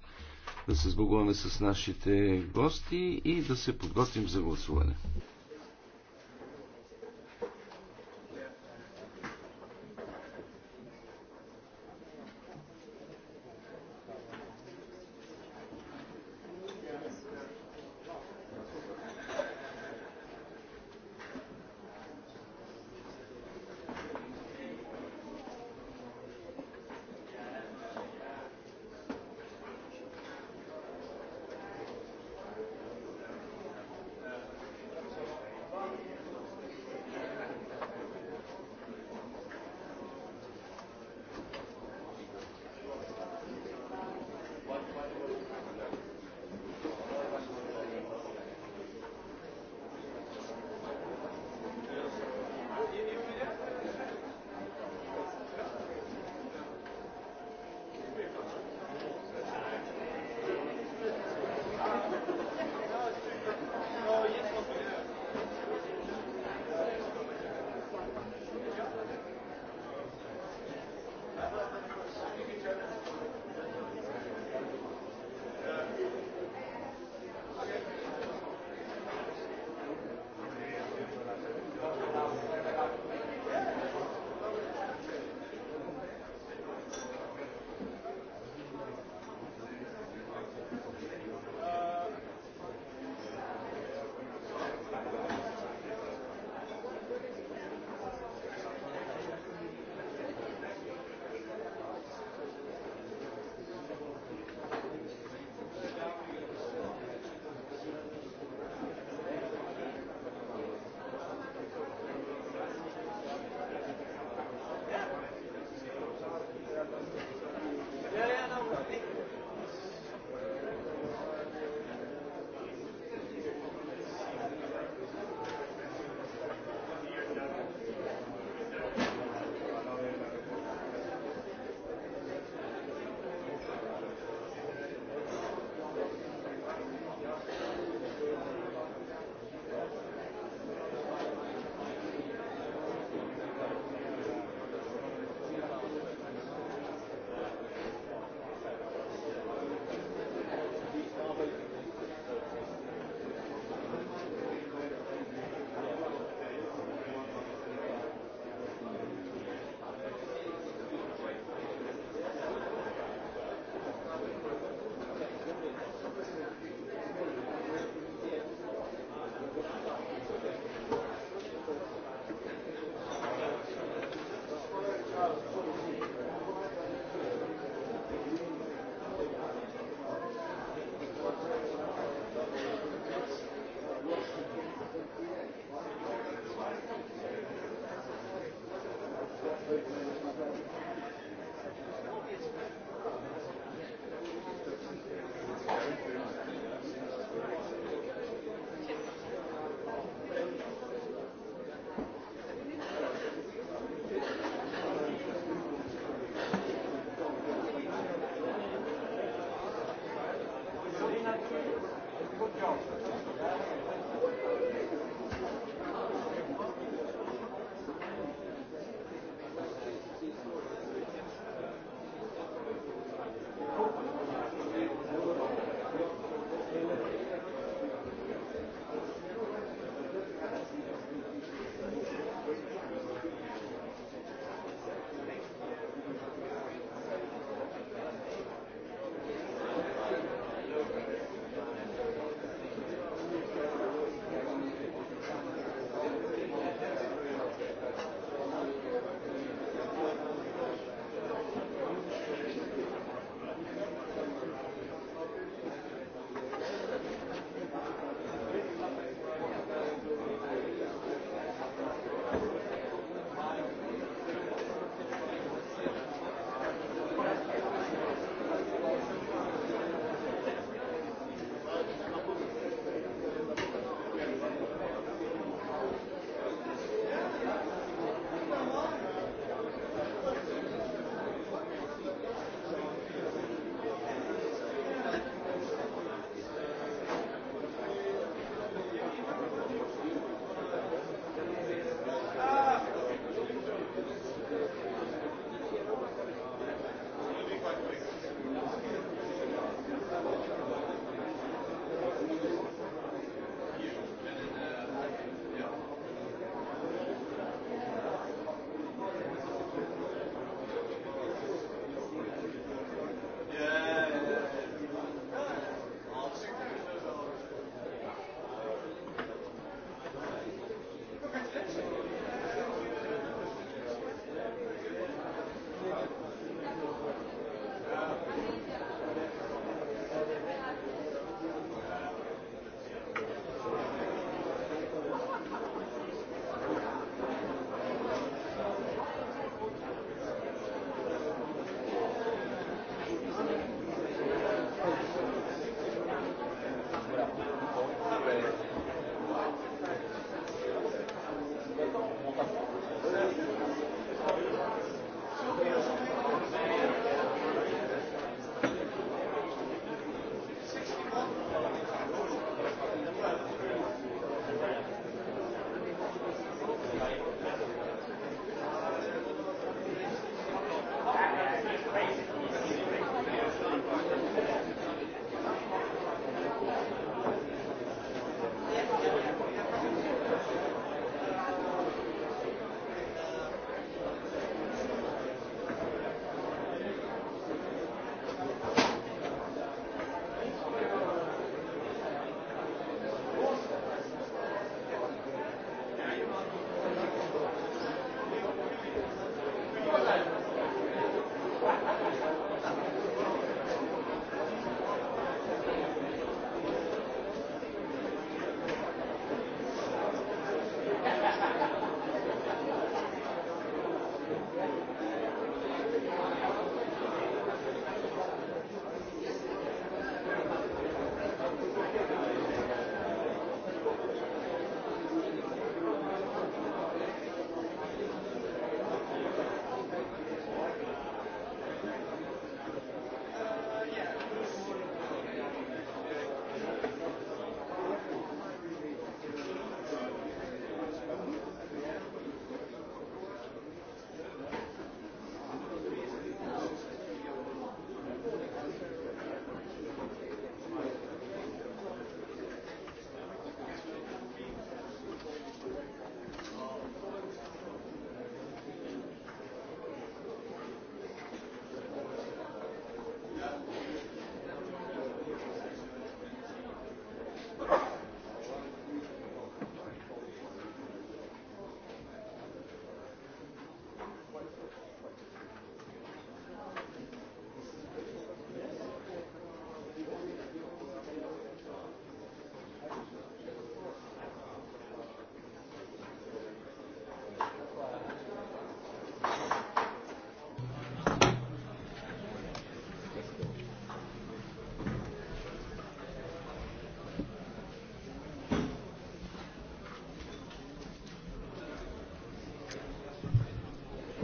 [SPEAKER 2] да се сбогуваме с нашите гости и да се подготвим за гласуване.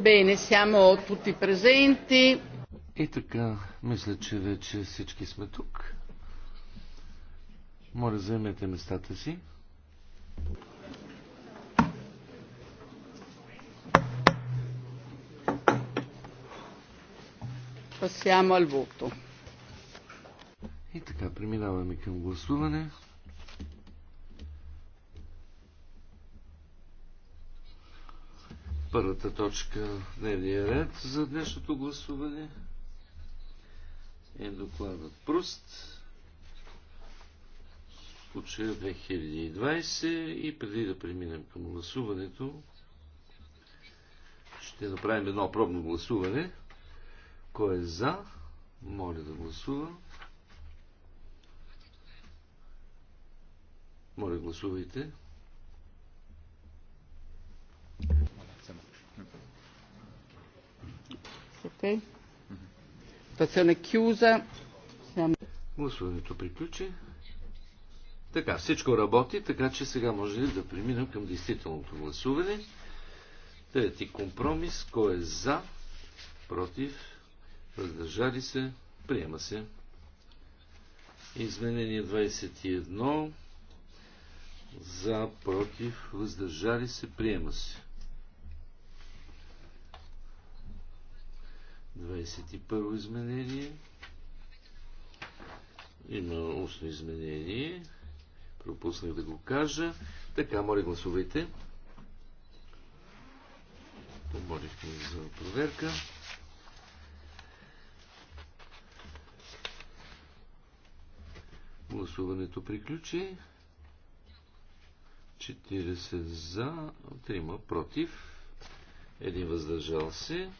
[SPEAKER 1] Бене, сямо тути презенти.
[SPEAKER 2] И така, мисля, че вече всички сме тук. Моля, заемете местата си.
[SPEAKER 1] Пасямо al
[SPEAKER 2] И така, преминаваме към гласуване. първата точка дневния ред за днешното гласуване е докладът Пруст случая 2020 и преди да преминем към гласуването ще направим едно пробно гласуване. Кой е за? Моля да гласува. Моля гласувайте.
[SPEAKER 1] Ok? Гласуването
[SPEAKER 5] приключи.
[SPEAKER 2] Така, всичко работи, така че сега може ли да преминем към действителното гласуване. Трети компромис. Кой е за? Против? Въздържали се? Приема се. Изменение 21. За, против, въздържали се, приема се. 21 изменение. Има устно изменение. Пропуснах да го кажа. Така, моля, гласувайте. Помолихме за проверка. Гласуването приключи. 40 за, 3 против, 1 въздържал се.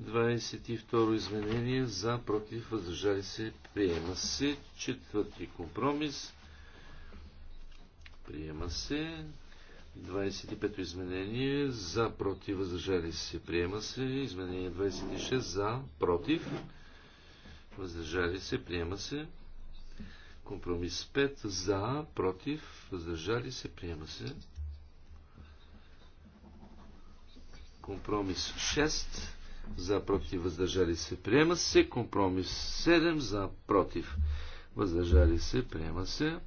[SPEAKER 2] 22 изменение за, против, въздържали се, приема се. Четвърти компромис. Приема се. 25 изменение за, против, въздържали се, приема се. Изменение 26 за, против, въздържали се, приема се. Компромис 5 за, против, въздържали се, приема се. Компромис 6 за против въздържали се, приема се. Компромис 7 за против въздържали се, приема се.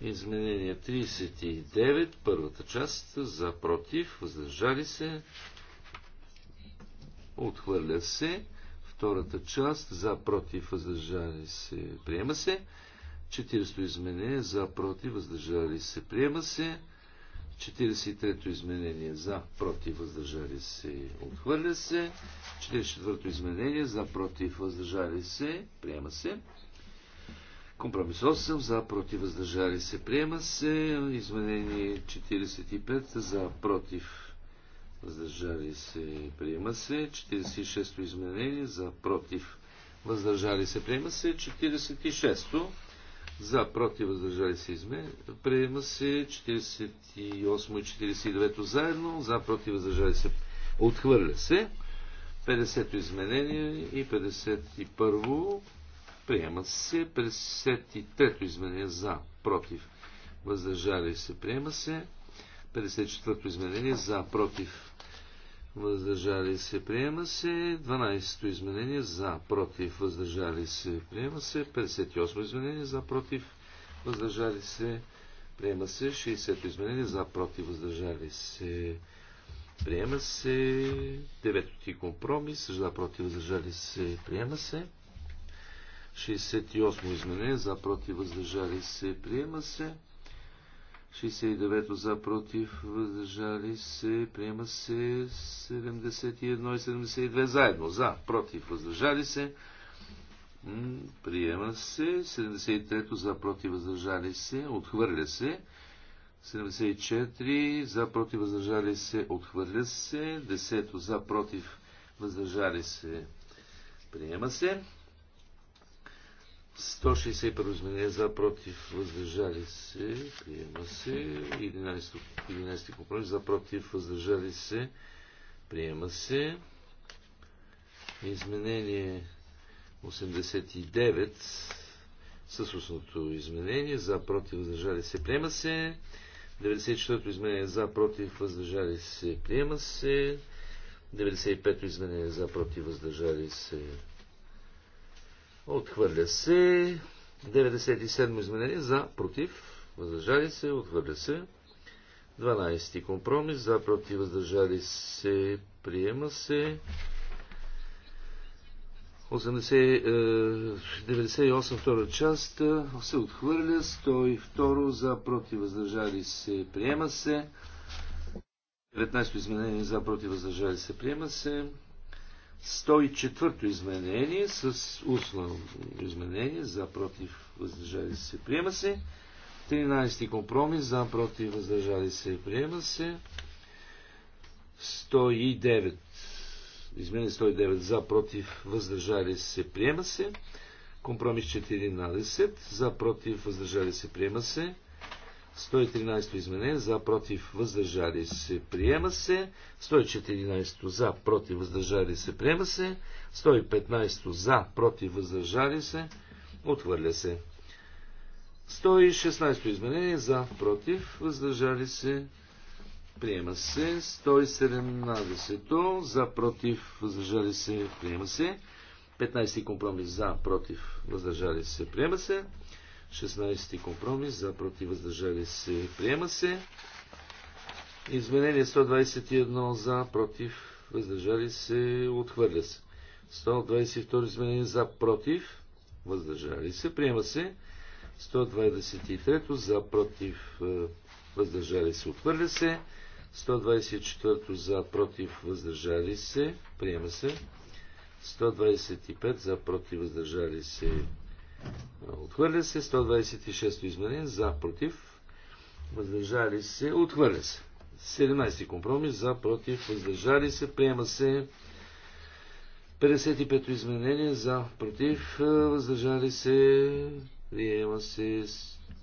[SPEAKER 2] Изменение 39, първата част за против въздържали се, отхвърля се. Втората част за против въздържали се, приема се. 40 изменение за против въздържали се, приема се. 43-то изменение за против въздържали се отхвърля се. 44-то изменение за против въздържали се приема се. Компромис 8 за против въздържали се приема се. Изменение 45 за против въздържали се приема се. 46-то изменение за против въздържали се приема се. 46-то за, против, въздържали се изме. Приема се 48 и 49 заедно. За, против, въздържали се. Отхвърля се. 50-то изменение и 51-во. Приема се. 53-то изменение за, против, въздържали се. Приема се. 54-то изменение за, против, въздържали се, приема се. 12-то изменение за, против, въздържали се, приема се. 58-то изменение за, против, въздържали се, приема се. 60-то изменение за, против, въздържали се, приема се. 9-ти компромис за, против, въздържали се, приема се. 68-то изменение за, против, въздържали се, приема се. 69 за против, въздържали се, приема се 71 и 72 заедно. За, против, въздържали се, приема се 73 за против, въздържали се, отхвърля се. 74 за против, въздържали се, отхвърля се. 10 за против, въздържали се, приема се. 161 изменения за, против, въздържали се, приема се. 11, 11 компромис за, против, въздържали се, приема се. Изменение 89 със устното изменение за, против, въздържали се, приема се. 94-то изменение за, против, въздържали се, приема се. 95-то изменение за, против, въздържали се, Отхвърля се. 97 изменение за, против, въздържали се, отхвърля се. 12 компромис за, против, въздържали се, приема се. 98 е, втора част е, се отхвърля, 102 за, против, въздържали се, приема се. 19 изменение за, против, въздържали се, приема се. 104-то изменение с устно изменение за против въздържали се приема се. 13-ти компромис за против въздържали се приема се. 109 изменение 109 за против въздържали се приема се. Компромис 14 за против въздържали се приема се. 113 изменение за против въздържали се приема се. 114 за против въздържали се приема се. 115 за против въздържали се отвърля се. 116 изменение за против въздържали се приема се. 117 за против въздържали се приема се. 15 компромис за против въздържали се приема се. 16 компромис, за против въздържали се, приема се. Изменение 121 за против въздържали се, отхвърля се. 122 изменение за против въздържали се, приема се. 123 за против е, въздържали се, отхвърля се. 124 за против въздържали се, приема се. 125 за против въздържали се, Отхвърля се. 126 изменение. За. Против. Въздържали се. Отхвърля се. 17 компромис. За. Против. Въздържали се. Приема се. 55 изменение. За. Против. Въздържали се. Приема се.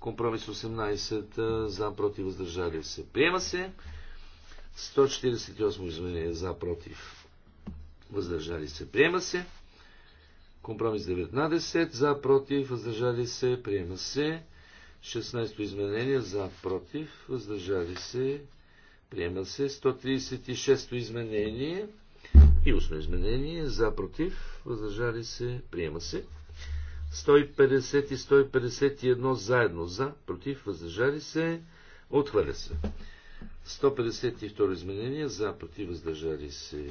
[SPEAKER 2] Компромис 18. За. Против. Въздържали се. Приема се. 148 изменение. За. Против. Въздържали се. Приема се. Компромис 19. За, против, въздържали се, приема се. 16 изменение. За, против, въздържали се, приема се. 136 изменение. И 8 изменение. За, против, въздържали се, приема се. 150 и 151 заедно. За, против, въздържали се, отхвърля се. 152 изменения, За, против, въздържали се,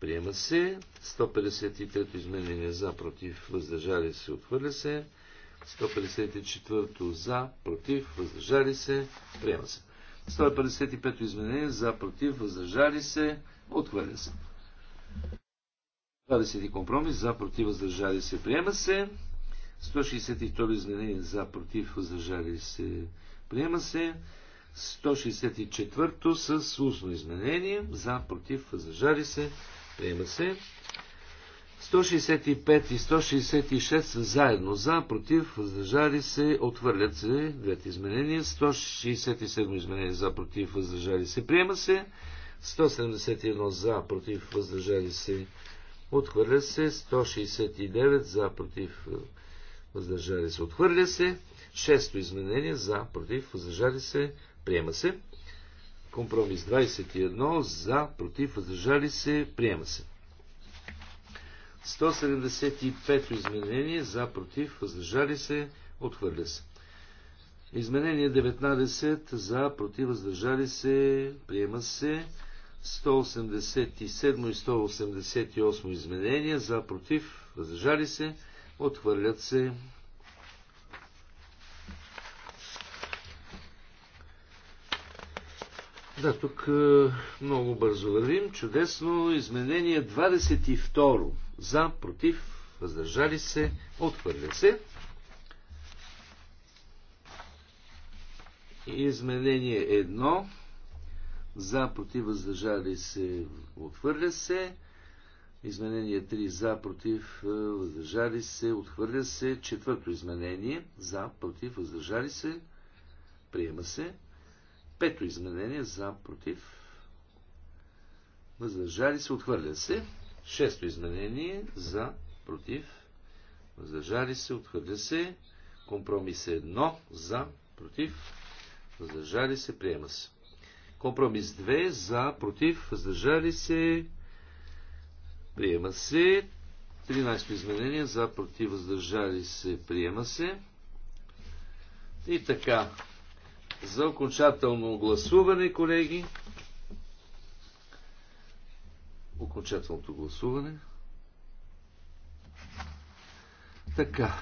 [SPEAKER 2] Приема се. 153-то изменение за, против, въздържали се, отхвърля се. 154-то за, против, въздържали се, приема се. 155-то изменение за, против, въздържали се, отхвърля се. 20 компромис за, против, въздържали се, приема се. 162 изменение за, против, въздържали се, приема се. 164 то с устно изменение за, против, въздържали се, се. Приема се. 165 и 166 заедно за, против, въздържали се, отвърлят се двете изменения. 167 изменения за, против, въздържали се, приема се. 171 за, против, въздържали се, отхвърля се. 169 за, против, въздържали се, отхвърля се. Шесто изменение за, против, въздържали се, приема се. Компромис 21 за, против, въздържали се, приема се. 175 изменение за, против, въздържали се, отхвърля се. Изменение 19 за, против, въздържали се, приема се. 187 и 188 изменения за, против, въздържали се, отхвърлят се. Да, тук е, много бързо вървим. Чудесно. Изменение 22. За, против, въздържали се, отхвърля се. Изменение 1. За, против, въздържали се, отхвърля се. Изменение 3. За, против, е, въздържали се, отхвърля се. Четвърто изменение. За, против, въздържали се, приема се. Пето изменение за против. Въздържали се, отхвърля се. Шесто изменение за против. Въздържали се, отхвърля се. Компромис е 1 за против. Въздържали се, приема се. Компромис 2 за против. Въздържали се, приема се. 13 изменение за против. Въздържали се, приема се. И така, за окончателно гласуване, колеги. Окончателното гласуване. Така.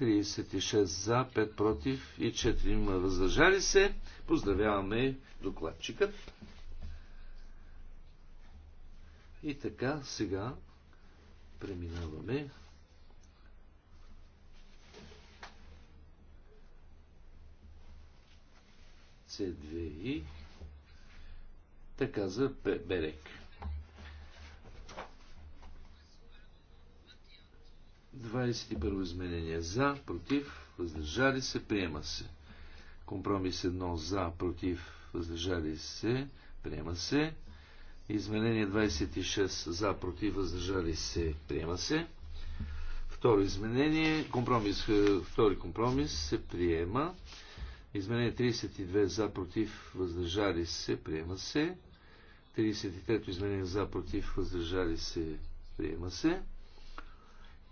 [SPEAKER 2] 36 за, 5 против и 4 има въздържали се. Поздравяваме докладчикът. И така, сега преминаваме СДИ, така за Берек. 21 изменение за, против, въздържали се, приема се. Компромис 1 за, против, въздържали се, приема се. Изменение 26 за, против, въздържали се, приема се. Второ изменение, компромис, е, втори компромис се приема. Изменение 32 за, против, въздържали се, приема се. 33-то изменение за, против, въздържали се, приема се.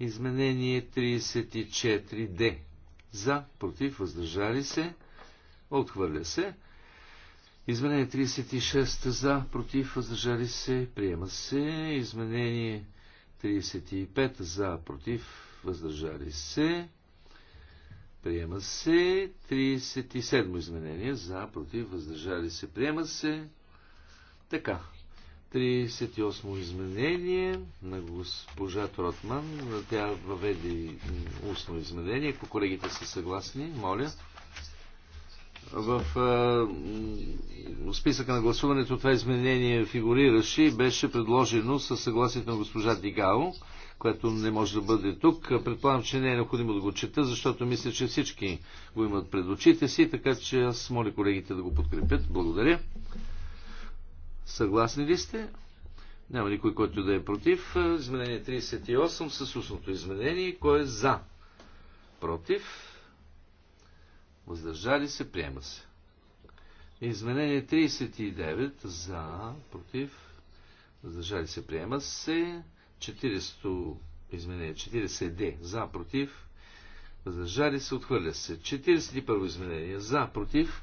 [SPEAKER 2] Изменение 34 Д. За, против, въздържали се, отхвърля се. Изменение 36 за, против, въздържали се, приема се. Изменение 35 за, против, въздържали се, Приема се. 37 изменение. За, против, въздържали се. Приема се. Така. 38 изменение на госпожа Тротман. Тя въведе устно изменение. Ако колегите са съгласни, моля. В а, списъка на гласуването това изменение фигурираше и беше предложено със съгласието на госпожа Дигао което не може да бъде тук. Предполагам, че не е необходимо да го чета, защото мисля, че всички го имат пред очите си, така че аз моля колегите да го подкрепят. Благодаря. Съгласни ли сте? Няма никой, който да е против. Изменение 38 с устното изменение. Кой е за? Против? Въздържали се? Приема се. Изменение 39 за, против, въздържали се, приема се. 40 изменение, 40D за, против, въздържали се, отхвърля се. 41 во изменение за, против,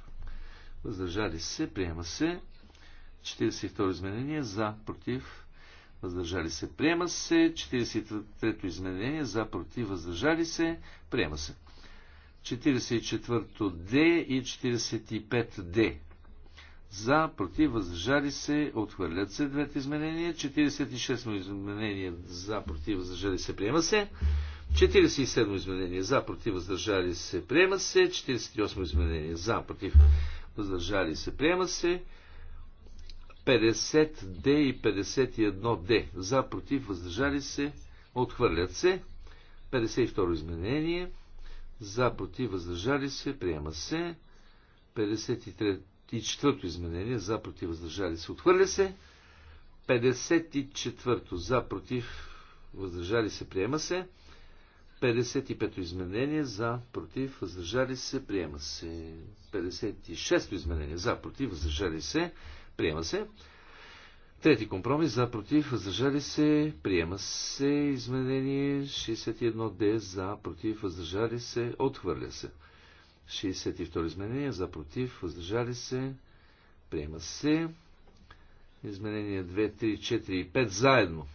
[SPEAKER 2] въздържали се, приема се. 42 изменение за, против, въздържали се, приема се. 43 то изменение за, против, въздържали се, приема се. 44 то D и 45 d за, против, въздържали се, отхвърлят се двете изменения, 46 изменение за, против, въздържали се, приема се, 47 изменение за, против, въздържали се, приема се, 48 изменение за, против, въздържали се, приема се, 50D и 51D за, против, въздържали се, отхвърлят се, 52 изменение за, против, въздържали се, приема се, 53 и четвърто изменение за против въздържали се. Отхвърля се. 54-то за против въздържали се. Приема се. 55-то изменение за против въздържали се. Приема се. 56-то изменение за против въздържали се. Приема се. Трети компромис за против въздържали се. Приема се изменение 61 д за против въздържали се. Отхвърля се. 62 изменение за против, въздържали се, приема се. Изменения 2, 3, 4 и 5 заедно.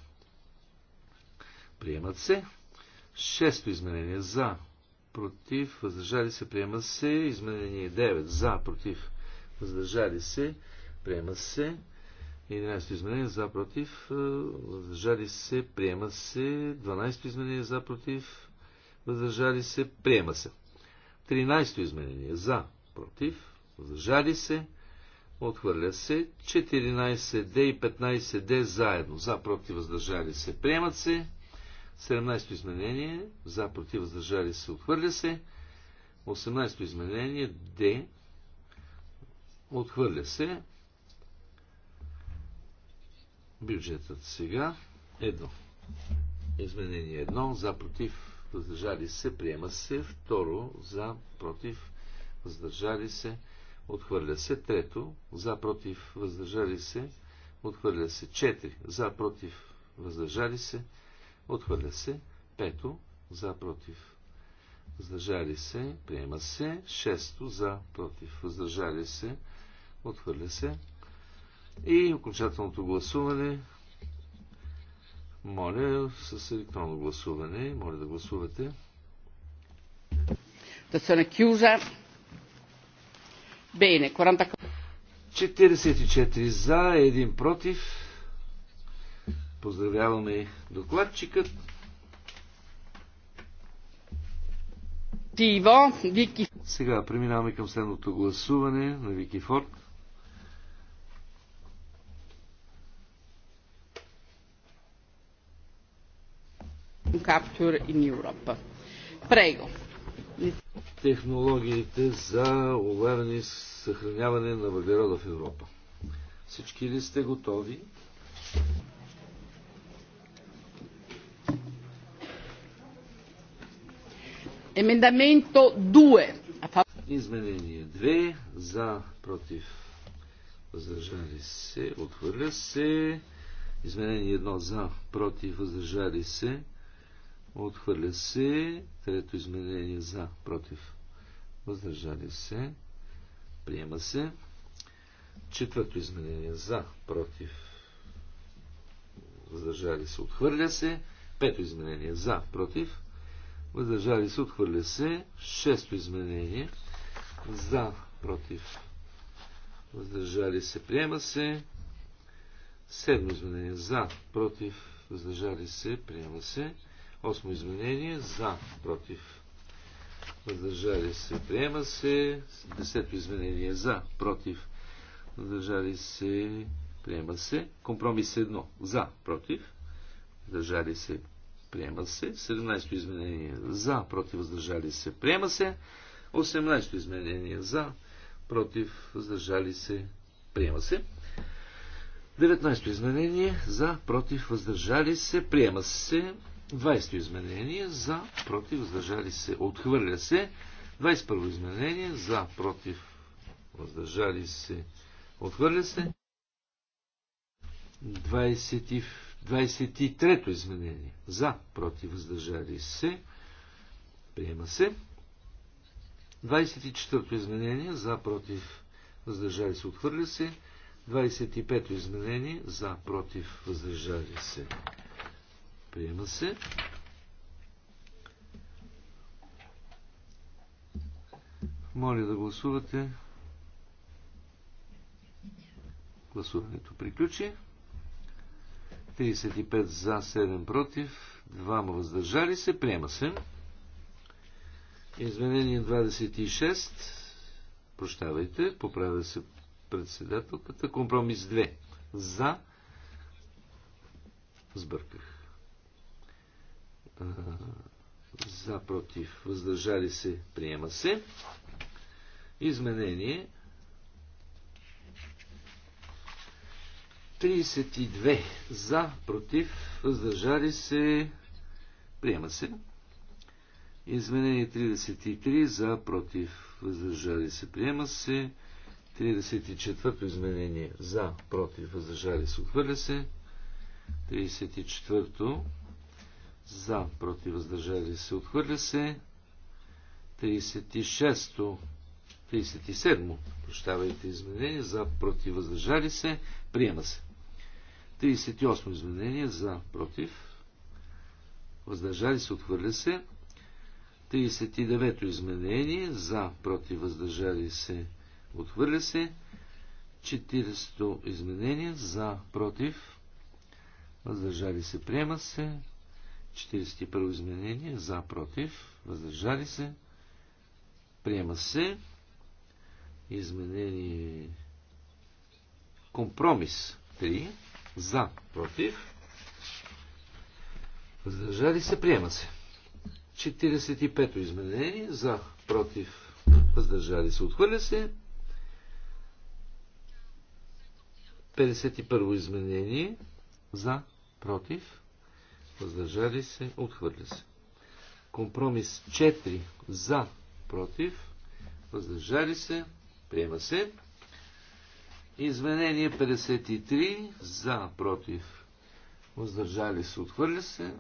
[SPEAKER 2] Приемат се. Шесто изменение за против, въздържали се, приема се. Изменение 9 за против, въздържали се, приема се. 11 изменение за против, въздържали се, приема се. 12 изменение за против, въздържали се, приема се. 13 изменение. За. Против. Въздържали се. Отхвърля се. 14 Д и 15 Д заедно. За. Против. Въздържали се. Приемат се. 17 изменение. За. Против. Въздържали се. Отхвърля се. 18 изменение. Д. Отхвърля се. Бюджетът сега. Едно. Изменение едно. За. Против въздържали се, приема се. Второ, за, против, въздържали се, отхвърля се. Трето, за, против, въздържали се, отхвърля се. Четири, за, против, въздържали се, отхвърля се. Пето, за, против, въздържали се, приема се. Шесто, за, против, въздържали се, отхвърля се. И окончателното гласуване моля, с електронно гласуване, моля да гласувате.
[SPEAKER 1] Да се накюжа. Бейне,
[SPEAKER 2] 44 за, 1 против. Поздравяваме докладчикът. Сега преминаваме към следното гласуване на
[SPEAKER 1] Вики Форд. capture in Europe. Prego.
[SPEAKER 2] Технологиите за улавяне и съхраняване на въглерода в Европа. Всички ли сте готови?
[SPEAKER 1] Емендаменто 2.
[SPEAKER 2] Изменение 2. За, против, въздържали се, отхвърля се. Изменение 1. За, против, въздържали се, Отхвърля се. Трето изменение за, против. Въздържали се. Приема се. Четвърто изменение за, против. Въздържали се. Отхвърля се. Пето изменение за, против. Въздържали се. Отхвърля се. Шесто изменение за, против. Въздържали се. Приема се. Седмо изменение за, против. Въздържали се. Приема се. Осмо изменение за, против, въздържали се, приема се. Десето изменение за, против, въздържали се, приема се. Компромис 1 за, против, въздържали се, приема се. 17-то изменение за, против, въздържали се, приема се. 18 изменение за, против, въздържали се, приема се. 19-то изменение за, против, въздържали се, приема се. 20 изменение за, против, въздържали се, отхвърля се. 21 изменение за, против, въздържали се, отхвърля се. 23 23 изменение за, против, въздържали се, приема се. 24 изменение за, против, въздържали се, отхвърля се. 25 изменение за, против, въздържали се, Приема се. Моля да гласувате. Гласуването приключи. 35 за, 7 против, 2 въздържали се. Приема се. Изменение 26. Прощавайте, поправя се председателката. Компромис 2. За. Сбърках за, против, въздържали се, приема се. Изменение 32 за, против, въздържали се, приема се. Изменение 33 за, против, въздържали се, приема се. 34-то изменение за, против, въздържали се, отхвърля се. 34-то за, против, въздържали се, отхвърля се. 36-то, 37-то, прощавайте изменение, за, против, въздържали се, приема се. 38-то изменение, за, против, въздържали се, отхвърля се. 39-то изменение, за, против, въздържали се, отхвърля се. 40-то изменение, за, против, въздържали се, приема се. 41 изменение. За, против. Въздържали се. Приема се. Изменение. Компромис. 3. За, против. Въздържали се. Приема се. 45 изменение. За, против. Въздържали се. Отхвърля се. 51 изменение. За, против въздържали се, отхвърля се. Компромис 4 за, против, въздържали се, приема се. Изменение 53 за, против, въздържали се, отхвърля се.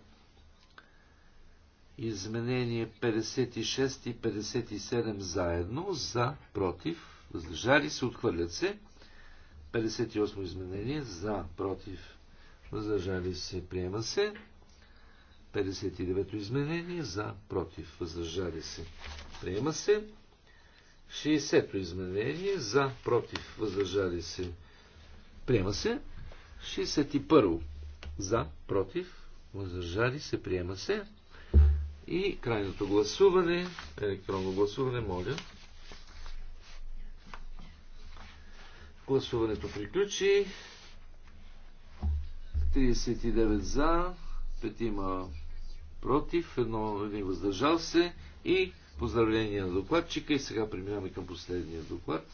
[SPEAKER 2] Изменение 56 и 57 заедно, за, против, въздържали се, отхвърлят се. 58 изменение, за, против, въздържали се, приема се. 59-то изменение за, против, въздържали се. Приема се. 60-то изменение за, против, въздържали се. Приема се. 61-о за, против, въздържали се. Приема се. И крайното гласуване, електронно гласуване, моля. Гласуването приключи. 39 за, 5 има против, едно, един въздържал се и поздравление на докладчика. И сега преминаваме към последния доклад,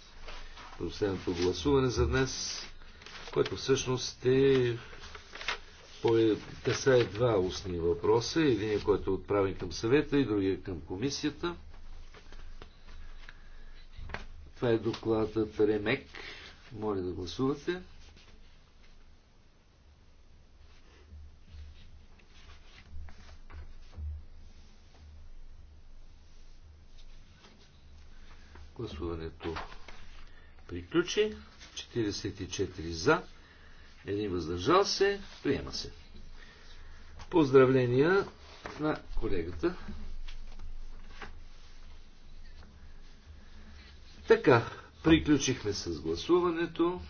[SPEAKER 2] последното гласуване за днес, което всъщност е касае два устни въпроса. Един, е, който е отправен към съвета и другия към комисията. Това е докладът Ремек. Моля да гласувате. Гласуването приключи. 44 за, един въздържал се, приема се. Поздравления на колегата. Така, приключихме с гласуването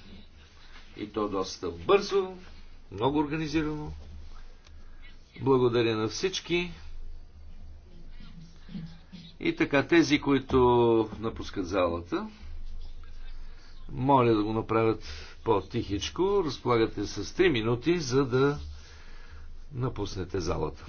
[SPEAKER 2] и то доста бързо, много организирано. Благодаря на всички. И така, тези, които напускат залата, моля да го направят по-тихичко. Разполагате с 3 минути, за да напуснете залата.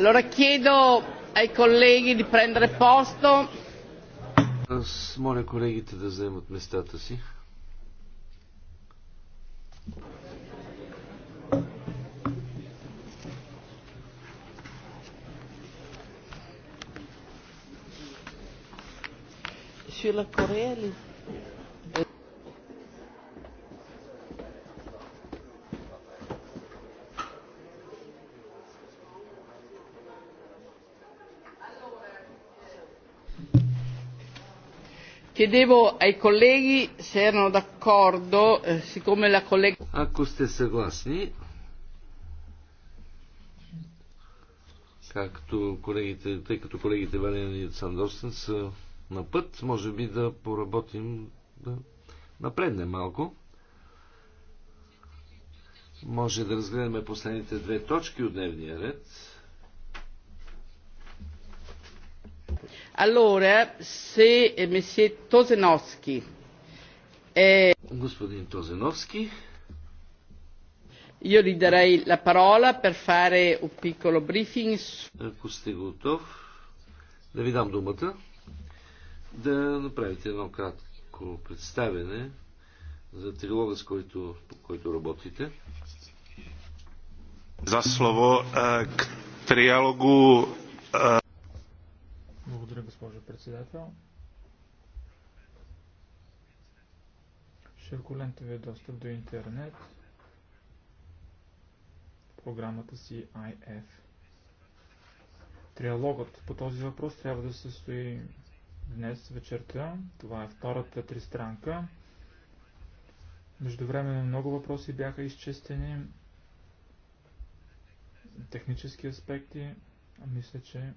[SPEAKER 1] Allora chiedo ai colleghi di prendere posto. Chiedevo ai colleghi se erano d'accordo, eh, siccome la collega...
[SPEAKER 2] Ако сте съгласни, както колегите, тъй като колегите Вален и Сандорсен са на път, може би да поработим, да напреднем малко. Може да разгледаме последните две точки от дневния ред.
[SPEAKER 1] Allora, se месье Тозеновски е... Господин Тозеновски. Io gli darei la parola per fare un piccolo briefing.
[SPEAKER 2] Ако сте готов, да ви дам думата, да направите едно кратко представене за трилога, с който, по който работите.
[SPEAKER 4] За слово е, к триалогу е, благодаря, госпожо председател. Широколентовия е достъп до интернет програмата си IF. Триалогът по този въпрос трябва да се състои днес вечерта. Това е втората тристранка. Междувременно много въпроси бяха изчистени. Технически аспекти. Мисля, че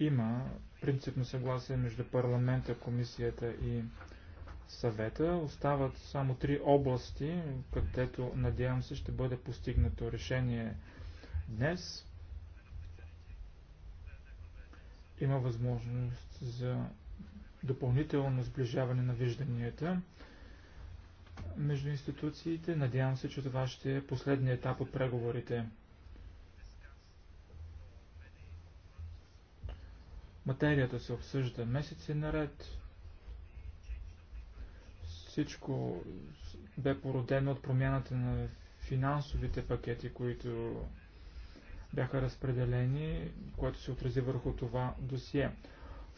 [SPEAKER 4] Има принципно съгласие между парламента, комисията и съвета. Остават само три области, където надявам се ще бъде постигнато решение днес. Има възможност за допълнително сближаване на вижданията между институциите. Надявам се, че това ще е последният етап от преговорите. Материята се обсъжда месеци наред. Всичко бе породено от промяната на финансовите пакети, които бяха разпределени, което се отрази върху това досие.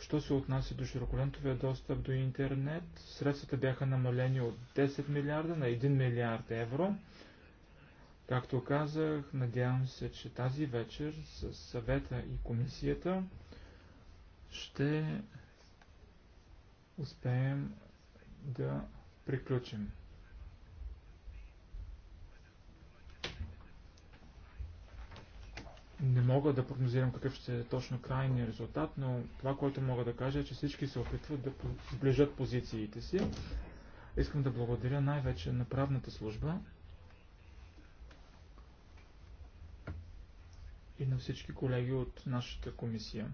[SPEAKER 4] Що се отнася до широколентовия достъп до интернет, средствата бяха намалени от 10 милиарда на 1 милиард евро. Както казах, надявам се, че тази вечер с съвета и комисията ще успеем да приключим. Не мога да прогнозирам какъв ще е точно крайния резултат, но това, което мога да кажа е, че всички се опитват да сближат позициите си. Искам да благодаря най-вече на правната служба и на всички колеги от нашата комисия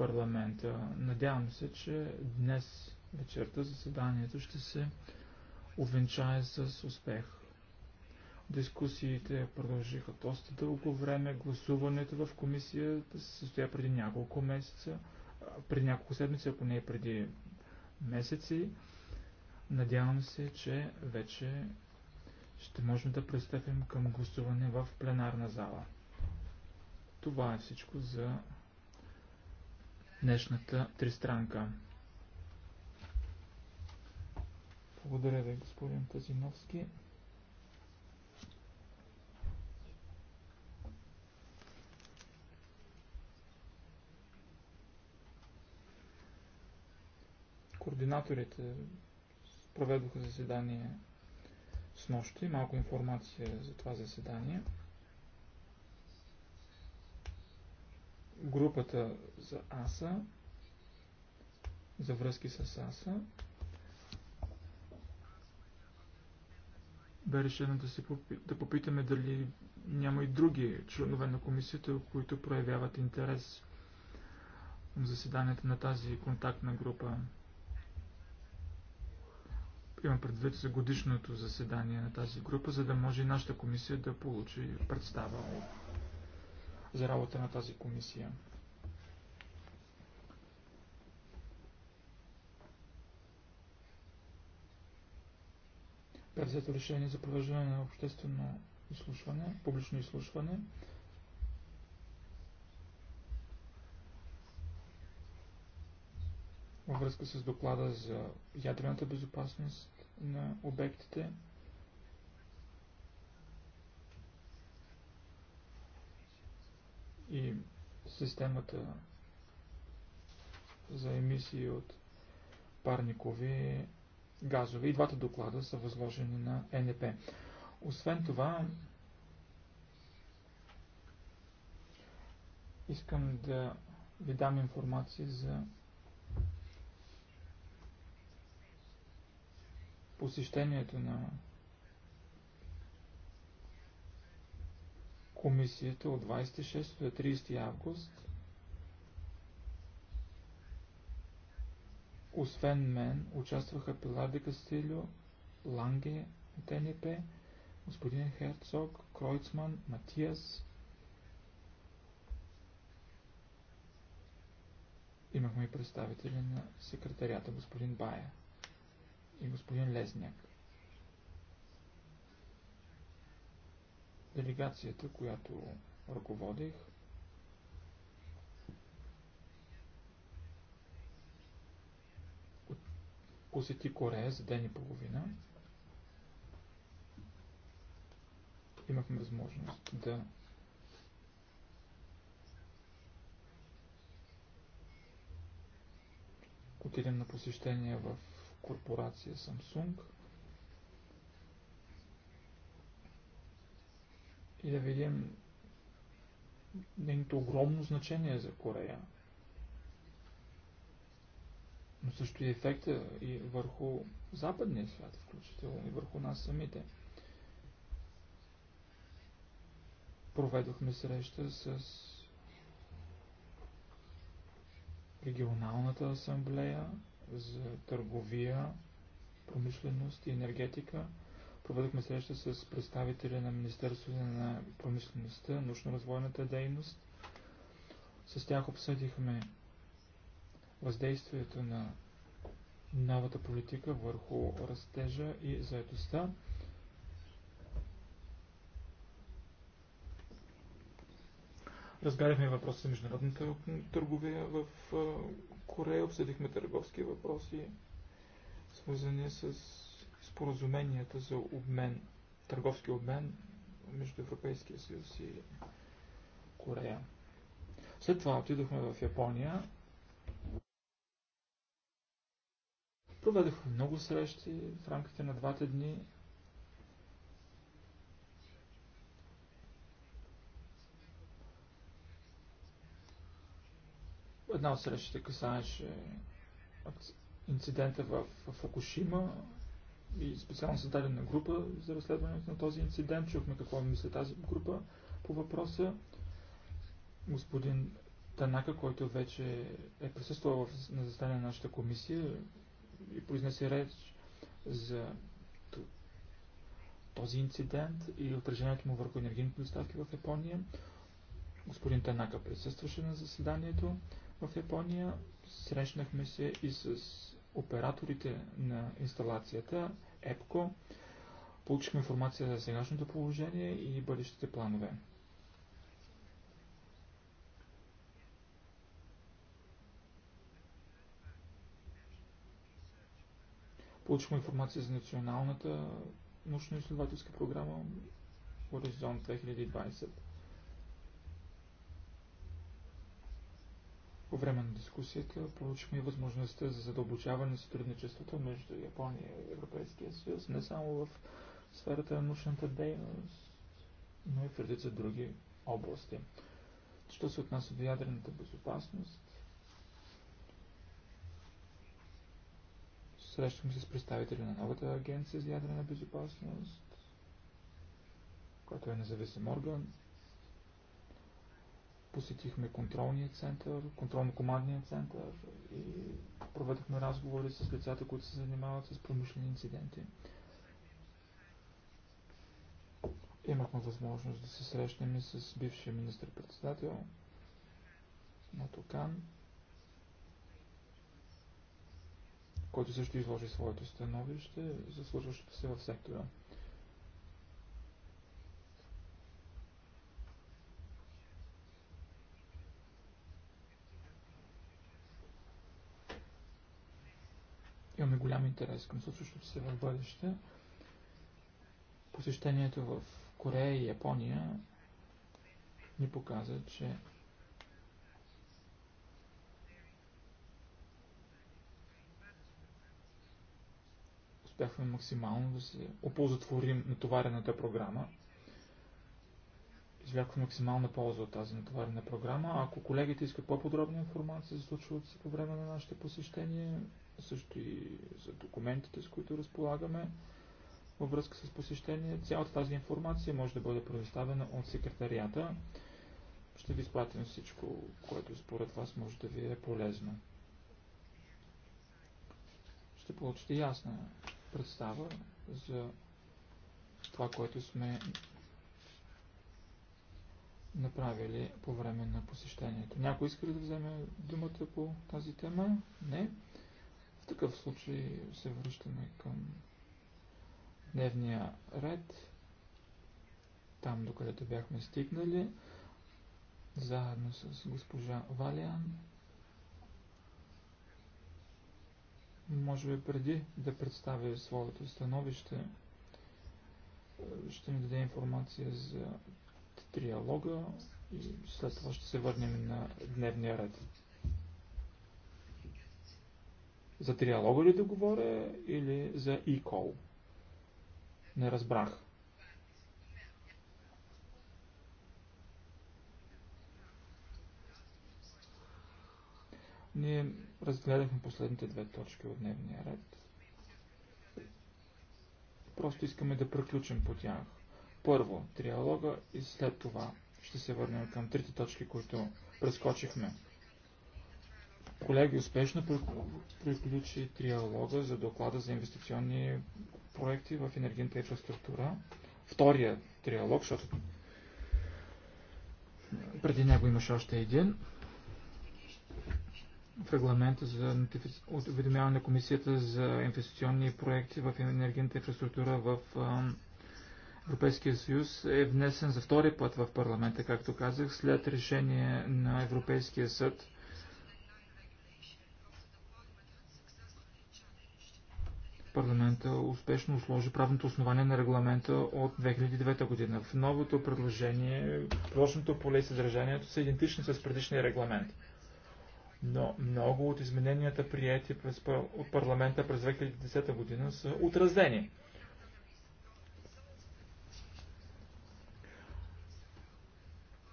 [SPEAKER 4] парламента. Надявам се, че днес вечерта заседанието ще се увенчае с успех. Дискусиите продължиха доста дълго време. Гласуването в комисията се състоя преди няколко месеца, преди няколко седмици, ако не преди месеци. Надявам се, че вече ще можем да пристъпим към гласуване в пленарна зала. Това е всичко за днешната тристранка. Благодаря ви, господин Тазиновски. Координаторите проведоха заседание с нощи, малко информация за това заседание. групата за АСА, за връзки с АСА, бе решено да, се попи, да попитаме дали няма и други членове на комисията, които проявяват интерес в заседанията на тази контактна група. Имам предвид за годишното заседание на тази група, за да може и нашата комисия да получи представа от за работа на тази комисия. Бе взето решение за провеждане на обществено изслушване, публично изслушване. Във връзка с доклада за ядрената безопасност на обектите, и системата за емисии от парникови газове. И двата доклада са възложени на НП. Освен това, искам да ви дам информация за посещението на комисията от 26 до 30 август. Освен мен участваха Пилар де Кастилио, Ланге от НП, господин Херцог, Кройцман, Матиас. Имахме и представители на секретарията господин Бая и господин Лезняк. делегацията, която ръководих. Посети Корея за ден и половина. Имахме възможност да отидем на посещение в корпорация Samsung – и да видим нейното огромно значение за Корея. Но също и ефекта и върху западния свят, включително и върху нас самите. Проведохме среща с регионалната асамблея за търговия, промишленост и енергетика – Проведохме среща с представители на Министерството на промишлеността, научно-развойната дейност. С тях обсъдихме въздействието на новата политика върху растежа и заедостта. Разгаряхме въпроси за международната търговия в Корея, обсъдихме търговски въпроси, свързани с споразуменията за обмен, търговски обмен между Европейския съюз и Корея. След това отидохме в Япония. Проведохме много срещи в рамките на двата дни. Една от срещите касаеше инцидента в Фукушима, и специално създадена група за разследването на този инцидент. Чухме какво мисля тази група по въпроса. Господин Танака, който вече е присъствал на заседание на нашата комисия и произнесе реч за този инцидент и отражението му върху енергийните доставки в Япония. Господин Танака присъстваше на заседанието в Япония. Срещнахме се и с операторите на инсталацията, ЕПКО, получихме информация за сегашното положение и бъдещите планове. Получихме информация за националната научно-изследователска програма Horizon 2020. По време на дискусията получихме възможността за задълбочаване на сътрудничеството между Япония и Европейския съюз, не само в сферата на научната дейност, но и в редица други области. Що се отнася до ядрената безопасност, срещаме се с представители на новата агенция за ядрена безопасност, която е независим орган, Посетихме контролния център, контролно-командния център и проведохме разговори с лицата, които се занимават с промишлени инциденти. Имахме възможност да се срещнем и с бившия министр-председател на Токан, който също изложи своето становище за случващото се в сектора. Имаме голям интерес към случващото се в бъдеще. Посещението в Корея и Япония ни показа, че успяхме максимално да се оползотворим натоварената програма. Извлякохме максимална полза от тази натоварена програма. Ако колегите искат по-подробна информация за случилото се по време на нашите посещения, също и за документите, с които разполагаме във връзка с посещение. Цялата тази информация може да бъде предоставена от секретарията. Ще ви изпратим всичко, което според вас може да ви е полезно. Ще получите ясна представа за това, което сме направили по време на посещението. Някой иска да вземе думата по тази тема? Не такъв случай се връщаме към дневния ред, там докъдето бяхме стигнали, заедно с госпожа Валиан. Може би преди да представя своето становище, ще ми даде информация за триалога и след това ще се върнем на дневния ред. За триалога ли да говоря или за e-call? Не разбрах. Ние разгледахме последните две точки от дневния ред. Просто искаме да приключим по тях. Първо, триалога и след това ще се върнем към трите точки, които прескочихме. Колеги, успешно приключи триалога за доклада за инвестиционни проекти в енергийната инфраструктура. Втория триалог, защото преди него имаше още един в регламента за уведомяване на Комисията за инвестиционни проекти в енергийната инфраструктура в Европейския съюз е внесен за втори път в парламента, както казах, след решение на Европейския съд – парламента успешно сложи правното основание на регламента от 2009 година. В новото предложение, прочното поле и съдържанието са идентични с предишния регламент. Но много от измененията, прияти през, от парламента през 2010 година, са отразени.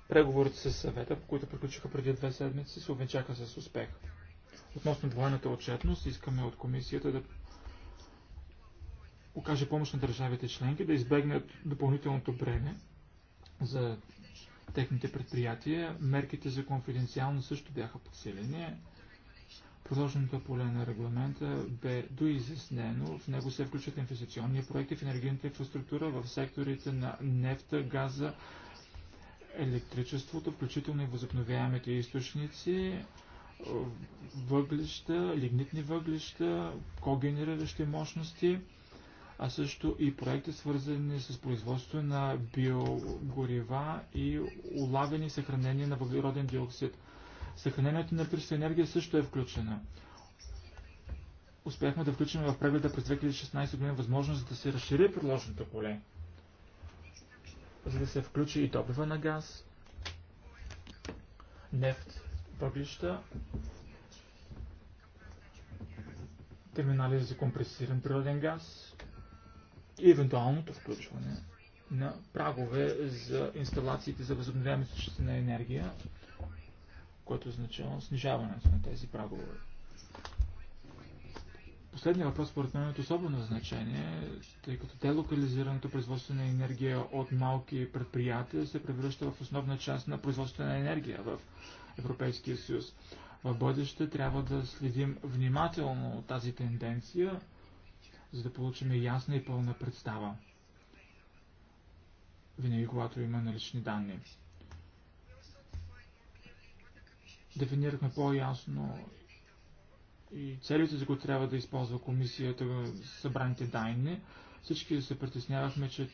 [SPEAKER 4] Преговорите с съвета, които приключиха преди две седмици, се обвенчаха с успех. Относно двойната отчетност, искаме от комисията да окаже помощ на държавите членки да избегнат допълнителното бреме за техните предприятия. Мерките за конфиденциално също бяха подсилени. Продълженото поле на регламента бе доизяснено. В него се включват инвестиционни проекти в енергийната инфраструктура в секторите на нефта, газа, електричеството, включително и възобновяемите източници, въглища, лигнитни въглища, когенериращи мощности а също и проекти свързани с производство на биогорива и улавяне и съхранение на въглероден диоксид. Съхранението на електрическа енергия също е включено. Успяхме да включим в прегледа през 2016 година възможност да се разшири приложното поле, за да се включи и добива на газ, нефт, въглища, терминали за компресиран природен газ, и евентуалното включване на прагове за инсталациите за възобновяеми източници на енергия, което означава снижаването на тези прагове. Последният въпрос, според мен, е от особено значение, тъй като делокализираното производство на енергия от малки предприятия се превръща в основна част на производство на енергия в Европейския съюз. В бъдеще трябва да следим внимателно тази тенденция, за да получим ясна и пълна представа. Винаги, когато има налични данни. Дефинирахме по-ясно и целите, за които трябва да използва комисията събраните данни. Всички се притеснявахме, че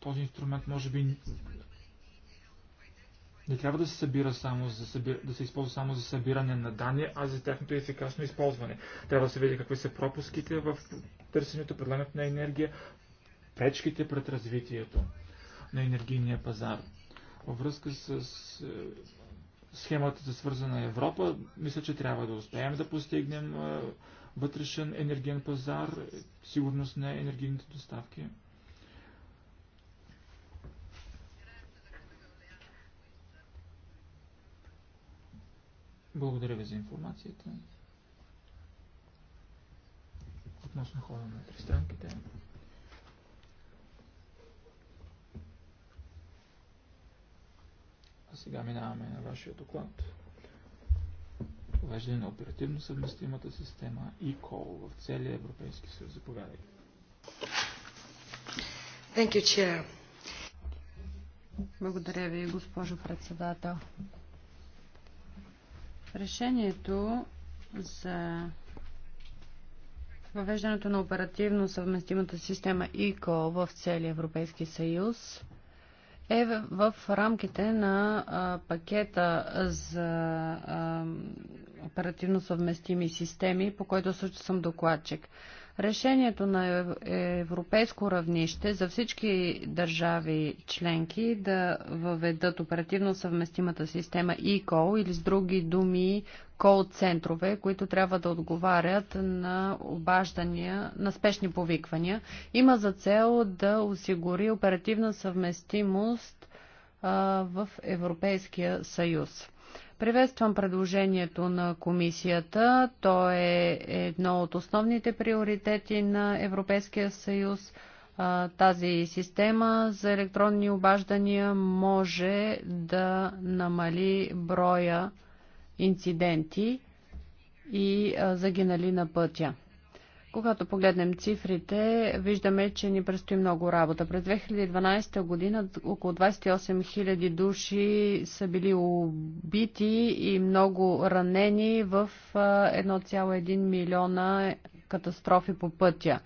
[SPEAKER 4] този инструмент може би не трябва да се, събира само за събир... да се използва само за събиране на данни, а за тяхното ефикасно използване. Трябва да се види какви са пропуските в търсенето, предлагането на енергия, пречките пред развитието на енергийния пазар. Във връзка с е, схемата за свързана Европа, мисля, че трябва да успеем да постигнем е, вътрешен енергиен пазар, сигурност на енергийните доставки. Благодаря ви за информацията. Относно хода на тристранките. А сега минаваме на вашия доклад. Въвеждане на оперативно съвместимата система и кол в целия Европейски съюз. Заповядайте.
[SPEAKER 3] Благодаря ви, госпожо председател. Решението за въвеждането на оперативно съвместимата система ИКО в целия Европейски съюз е в рамките на пакета за оперативно съвместими системи, по който също съм докладчик. Решението на европейско равнище за всички държави членки да въведат оперативно съвместимата система eCall или с други думи кол-центрове, които трябва да отговарят на обаждания, на спешни повиквания, има за цел да осигури оперативна съвместимост а, в Европейския съюз. Приветствам предложението на комисията. То е едно от основните приоритети на Европейския съюз. Тази система за електронни обаждания може да намали броя инциденти и загинали на пътя. Когато погледнем цифрите, виждаме, че ни предстои много работа. През 2012 година около 28 000 души са били убити и много ранени в 1,1 милиона катастрофи по пътя.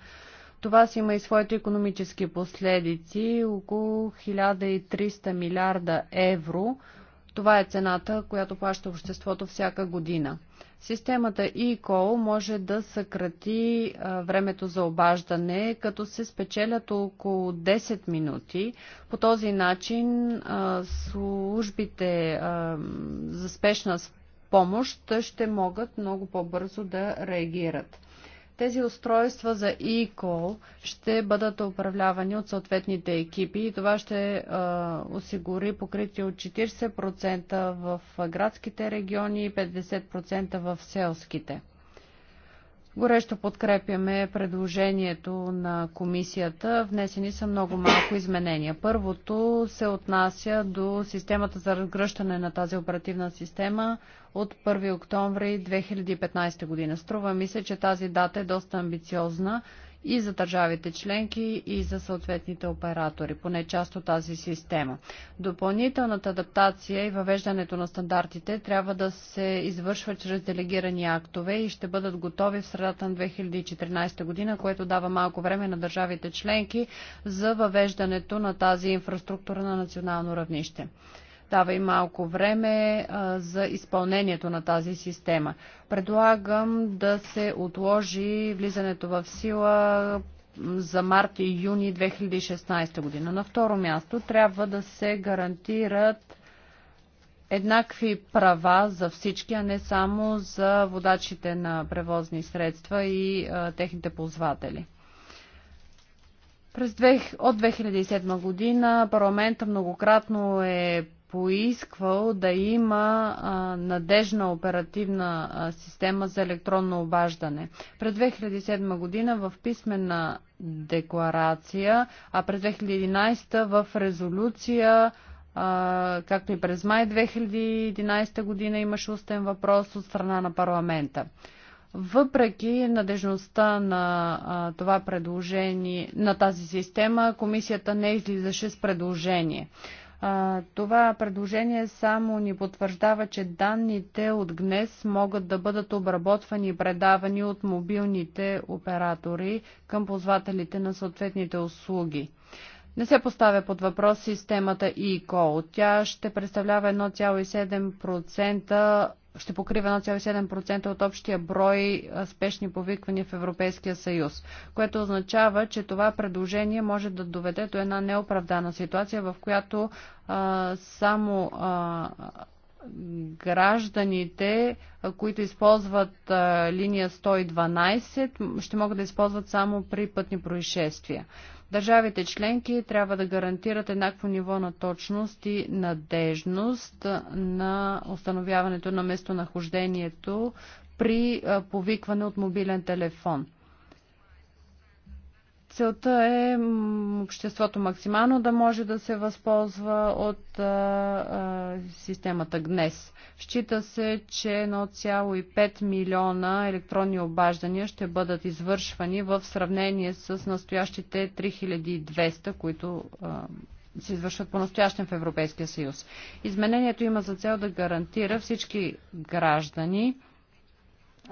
[SPEAKER 3] Това си има и своите економически последици, около 1300 милиарда евро – това е цената, която плаща обществото всяка година. Системата eCall може да съкрати времето за обаждане, като се спечелят около 10 минути. По този начин службите за спешна помощ ще могат много по-бързо да реагират. Тези устройства за e-call ще бъдат управлявани от съответните екипи и това ще а, осигури покритие от 40% в градските региони и 50% в селските. Горещо подкрепяме предложението на комисията. Внесени са много малко изменения. Първото се отнася до системата за разгръщане на тази оперативна система от 1 октомври 2015 година. Струва ми се, че тази дата е доста амбициозна и за държавите членки и за съответните оператори, поне част от тази система. Допълнителната адаптация и въвеждането на стандартите трябва да се извършва чрез делегирани актове и ще бъдат готови в средата на 2014 година, което дава малко време на държавите членки за въвеждането на тази инфраструктура на национално равнище. Остава и малко време а, за изпълнението на тази система. Предлагам да се отложи влизането в сила за март и юни 2016 година. На второ място трябва да се гарантират еднакви права за всички, а не само за водачите на превозни средства и а, техните ползватели. През две, от 2007 година парламента многократно е поисквал да има а, надежна оперативна а, система за електронно обаждане. През 2007 година в писмена декларация, а през 2011 в резолюция, а, както и през май 2011 година имаше устен въпрос от страна на парламента. Въпреки надежността на а, това предложение, на тази система, комисията не излизаше с предложение. Това предложение само ни потвърждава, че данните от ГНЕС могат да бъдат обработвани и предавани от мобилните оператори към ползвателите на съответните услуги. Не се поставя под въпрос системата e-call. Тя ще представлява 1,7% ще покрива 1,7% от общия брой спешни повиквания в Европейския съюз, което означава, че това предложение може да доведе до една неоправдана ситуация, в която а, само а, гражданите, които използват а, линия 112, ще могат да използват само при пътни происшествия. Държавите членки трябва да гарантират еднакво ниво на точност и надежност на установяването на местонахождението при повикване от мобилен телефон. Целта е обществото максимално да може да се възползва от а, а, системата ГНЕС. Счита се, че 1,5 милиона електронни обаждания ще бъдат извършвани в сравнение с настоящите 3200, които а, се извършват по-настоящен в Европейския съюз. Изменението има за цел да гарантира всички граждани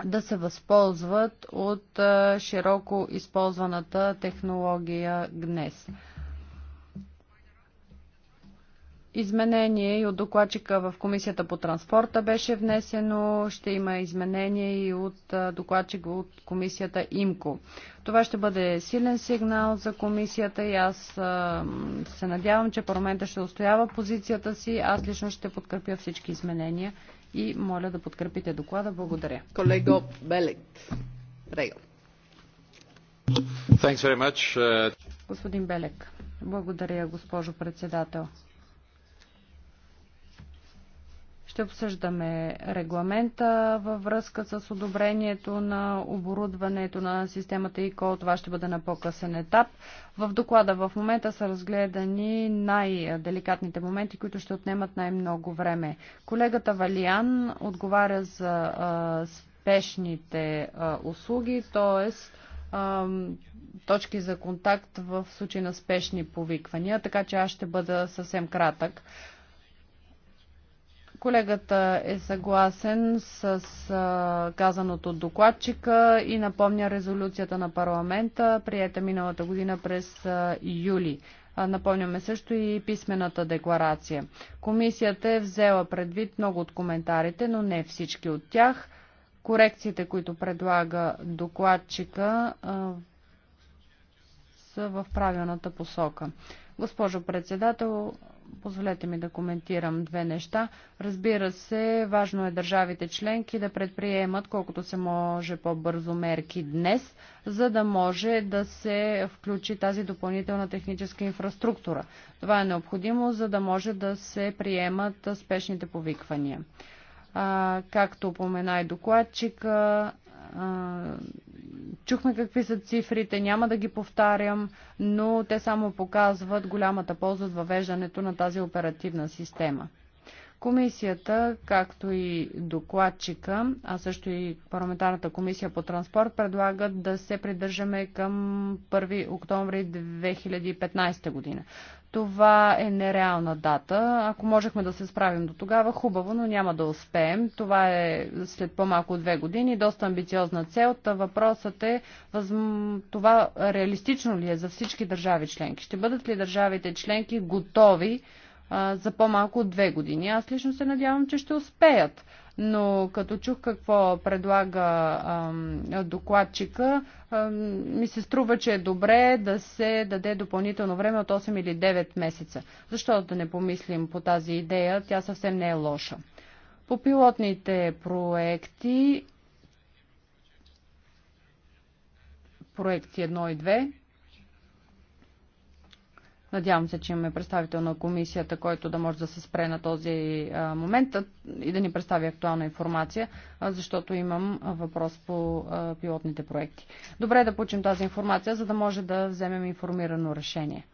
[SPEAKER 3] да се възползват от широко използваната технология днес. Изменение и от докладчика в Комисията по транспорта беше внесено, ще има изменение и от докладчика от Комисията ИМКО. Това ще бъде силен сигнал за Комисията и аз се надявам, че парламента ще устоява позицията си. Аз лично ще подкрепя всички изменения и моля да подкрепите доклада. Благодаря. Колего Белет. Прего.
[SPEAKER 2] Uh,
[SPEAKER 3] Господин Белек, благодаря, госпожо председател. Ще обсъждаме регламента във връзка с одобрението на оборудването на системата ИКО. Това ще бъде на по-късен етап. В доклада в момента са разгледани най-деликатните моменти, които ще отнемат най-много време. Колегата Валиан отговаря за а, спешните а, услуги, т.е точки за контакт в случай на спешни повиквания, така че аз ще бъда съвсем кратък. Колегата е съгласен с казаното от докладчика и напомня резолюцията на парламента, приета миналата година през юли. Напомняме също и писмената декларация. Комисията е взела предвид много от коментарите, но не всички от тях. Корекциите, които предлага докладчика, са в правилната посока. Госпожо председател, Позволете ми да коментирам две неща. Разбира се, важно е държавите членки да предприемат колкото се може по-бързо мерки днес, за да може да се включи тази допълнителна техническа инфраструктура. Това е необходимо, за да може да се приемат спешните повиквания. А, както упомена и докладчика, Чухме какви са цифрите, няма да ги повтарям, но те само показват голямата полза от въвеждането на тази оперативна система. Комисията, както и докладчика, а също и парламентарната комисия по транспорт предлагат да се придържаме към 1 октомври 2015 година. Това е нереална дата. Ако можехме да се справим до тогава, хубаво, но няма да успеем. Това е след по-малко две години, доста амбициозна цел. Та въпросът е, възм... това реалистично ли е за всички държави членки? Ще бъдат ли държавите членки готови а, за по-малко от две години? Аз лично се надявам, че ще успеят но като чух какво предлага а, докладчика, а, ми се струва, че е добре да се даде допълнително време от 8 или 9 месеца. Защо да не помислим по тази идея? Тя съвсем не е лоша. По пилотните проекти, проекти 1 и 2, Надявам се, че имаме представител на комисията, който да може да се спре на този момент и да ни представи актуална информация, защото имам въпрос по пилотните проекти. Добре е да получим тази информация, за да може да вземем информирано решение.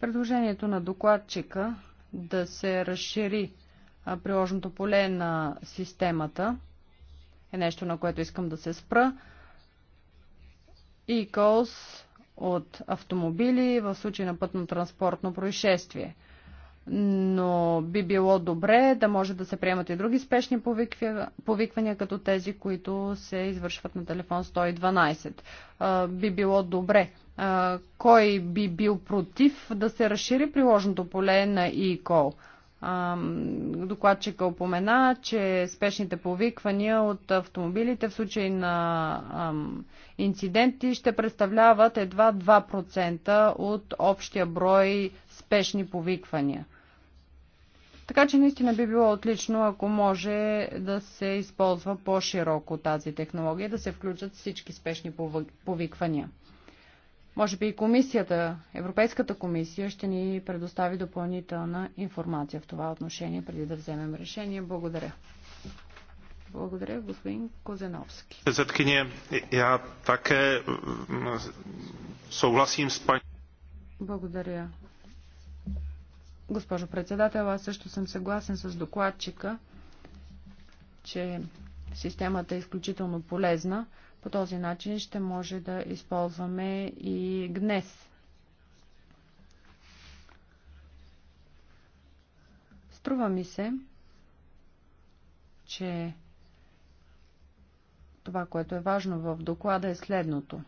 [SPEAKER 3] Предложението на докладчика да се разшири приложното поле на системата е нещо, на което искам да се спра e-calls от автомобили в случай на пътно-транспортно происшествие. Но би било добре да може да се приемат и други спешни повиквания, като тези, които се извършват на телефон 112. Би било добре. Кой би бил против да се разшири приложното поле на e-call? докладчика опомена, че спешните повиквания от автомобилите в случай на инциденти ще представляват едва 2% от общия брой спешни повиквания. Така че наистина би било отлично, ако може да се използва по-широко тази технология, да се включат всички спешни повиквания. Може би и комисията, Европейската комисия ще ни предостави допълнителна информация в това отношение, преди да вземем решение. Благодаря. Благодаря, господин Козеновски. Председкиня, я така съгласим с пани... Благодаря. Госпожо председател, аз също съм съгласен с докладчика, че системата е изключително полезна, по този начин ще може да използваме и гнес. Струва ми се, че това, което е важно в доклада е следното.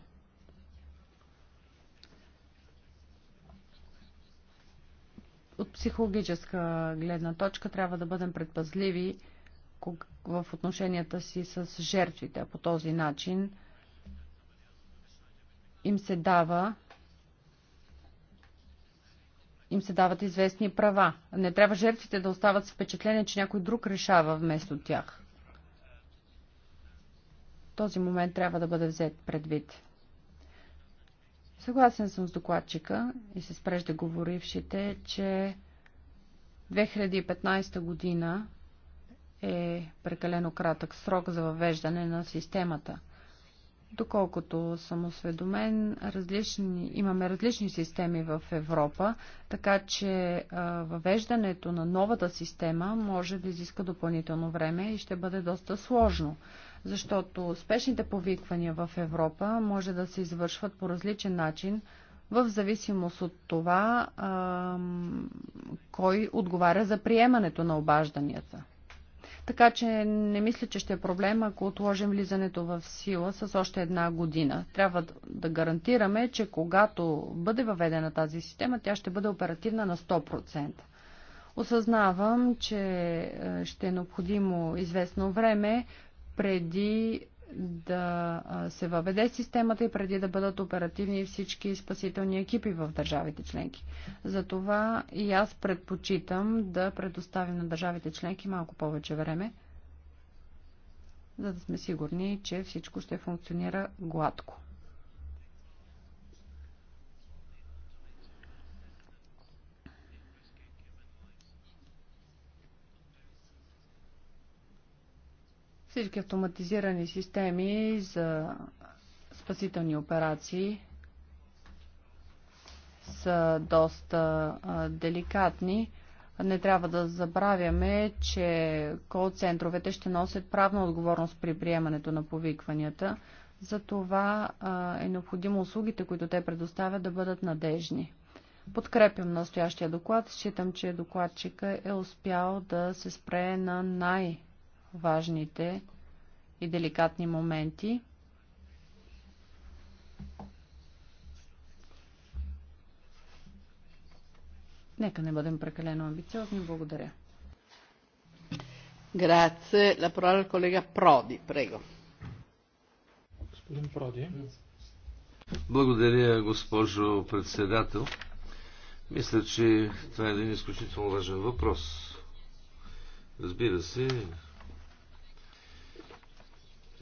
[SPEAKER 3] От психологическа гледна точка трябва да бъдем предпазливи в отношенията си с жертвите. По този начин им се дава им се дават известни права. Не трябва жертвите да остават с впечатление, че някой друг решава вместо тях. Този момент трябва да бъде взет предвид. Съгласен съм с докладчика и с преждеговорившите, че 2015 година е прекалено кратък срок за въвеждане на системата. Доколкото съм осведомен, различни, имаме различни системи в Европа, така че а, въвеждането на новата система може да изиска допълнително време и ще бъде доста сложно, защото спешните повиквания в Европа може да се извършват по различен начин, в зависимост от това а, кой отговаря за приемането на обажданията. Така че не мисля, че ще е проблем, ако отложим влизането в сила с още една година. Трябва да гарантираме, че когато бъде въведена тази система, тя ще бъде оперативна на 100%. Осъзнавам, че е, ще е необходимо известно време преди да се въведе системата и преди да бъдат оперативни всички спасителни екипи в държавите членки. Затова и аз предпочитам да предоставим на държавите членки малко повече време, за да сме сигурни, че всичко ще функционира гладко. Всички автоматизирани системи за спасителни операции са доста а, деликатни. Не трябва да забравяме, че кол-центровете ще носят правна отговорност при приемането на повикванията. Затова а, е необходимо услугите, които те предоставят, да бъдат надежни. Подкрепям настоящия доклад. Считам, че докладчика е успял да се спре на най- важните и деликатни моменти. Нека не бъдем прекалено амбициозни. Благодаря.
[SPEAKER 1] Grazie. La parola al collega Prodi, prego. Господин
[SPEAKER 4] Проди.
[SPEAKER 2] Благодаря, госпожо председател. Мисля, че това е един изключително важен въпрос. Разбира се,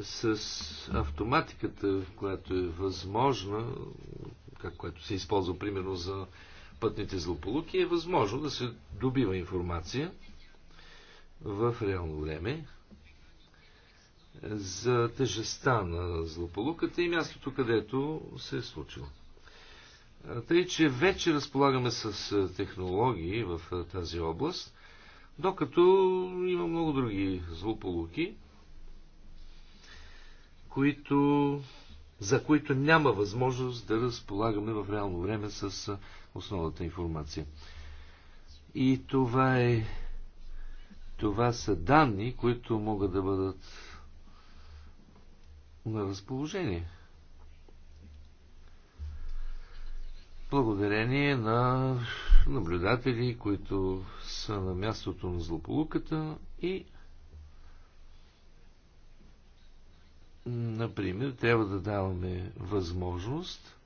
[SPEAKER 2] с автоматиката, която е възможна, как, което се използва примерно за пътните злополуки, е възможно да се добива информация в реално време за тежестта на злополуката и мястото, където се е случило. Тъй, че вече разполагаме с технологии в тази област, докато има много други злополуки, които, за които няма възможност да разполагаме в реално време с основната информация. И това е това са данни, които могат да бъдат на разположение. Благодарение на наблюдатели, които са на мястото на злополуката и Например, трябва да даваме възможност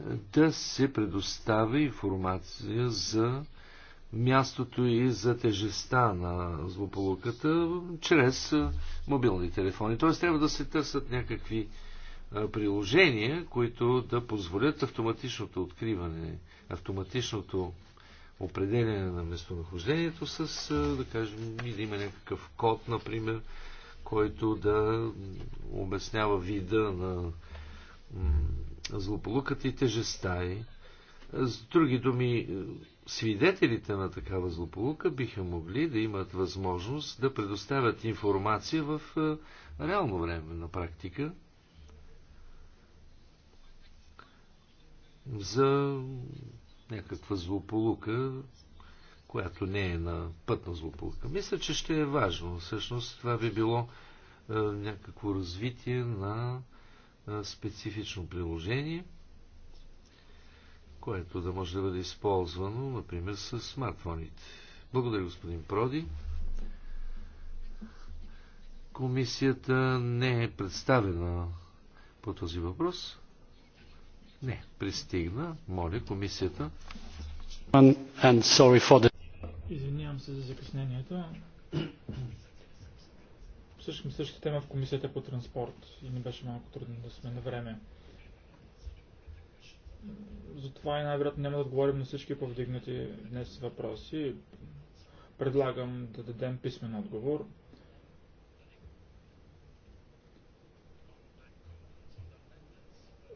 [SPEAKER 2] е, да се предоставя информация за мястото и за тежестта на злополуката чрез е, мобилни телефони. Т.е. трябва да се търсят някакви е, приложения, които да позволят автоматичното откриване, автоматичното определяне на местонахождението с, да кажем, и да има някакъв код, например, който да обяснява вида на злополуката и тежеста и. С други думи, свидетелите на такава злополука биха могли да имат възможност да предоставят информация в реално време на практика за някаква злополука, която не е на пътна злополука. Мисля, че ще е важно. Всъщност това би било е, някакво развитие на е, специфично приложение, което да може да бъде използвано, например, с смартфоните. Благодаря, господин Проди. Комисията не е представена по този въпрос. Не, пристигна. Моля, комисията.
[SPEAKER 4] Извинявам се за закъснението. Всъщност същата тема в комисията по транспорт и ми беше малко трудно да сме на време. Затова и най-вероятно няма да отговорим на всички повдигнати днес въпроси. Предлагам да дадем писмен отговор.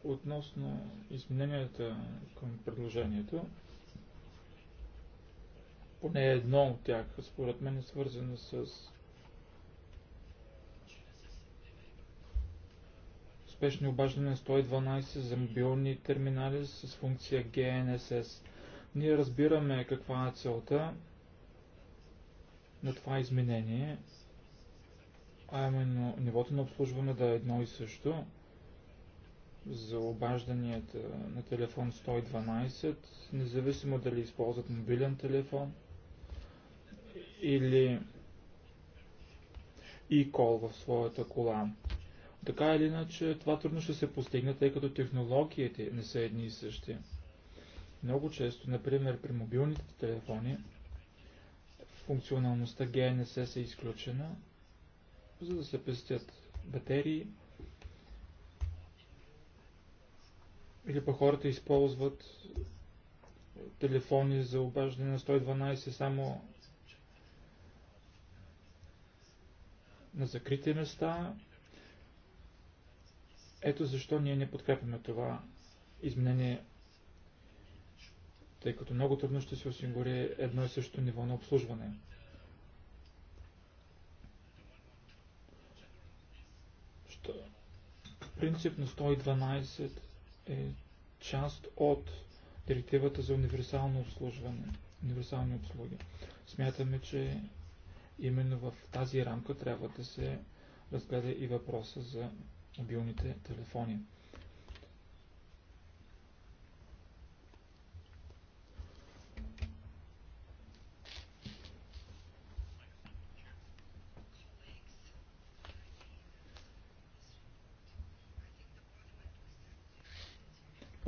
[SPEAKER 4] Относно измененията към предложението, поне едно от тях, според мен, е свързано с спешни обаждане 112 за мобилни терминали с функция GNSS. Ние разбираме каква е целта на това изменение, а именно нивото на обслужване да е едно и също за обажданията на телефон 112, независимо дали използват мобилен телефон или e-call в своята кола. Така или иначе, това трудно ще се постигне, тъй като технологиите не са едни и същи. Много често, например при мобилните телефони, функционалността GNSS е изключена, за да се пестят батерии, Или па хората използват телефони за обаждане на 112 само на закрити места. Ето защо ние не подкрепяме това изменение, тъй като много трудно ще се осигури едно и също ниво на обслужване. Принцип на 112 е част от директивата за универсално обслужване, универсални услуги. Смятаме, че именно в тази рамка трябва да се разгледа и въпроса за мобилните телефони.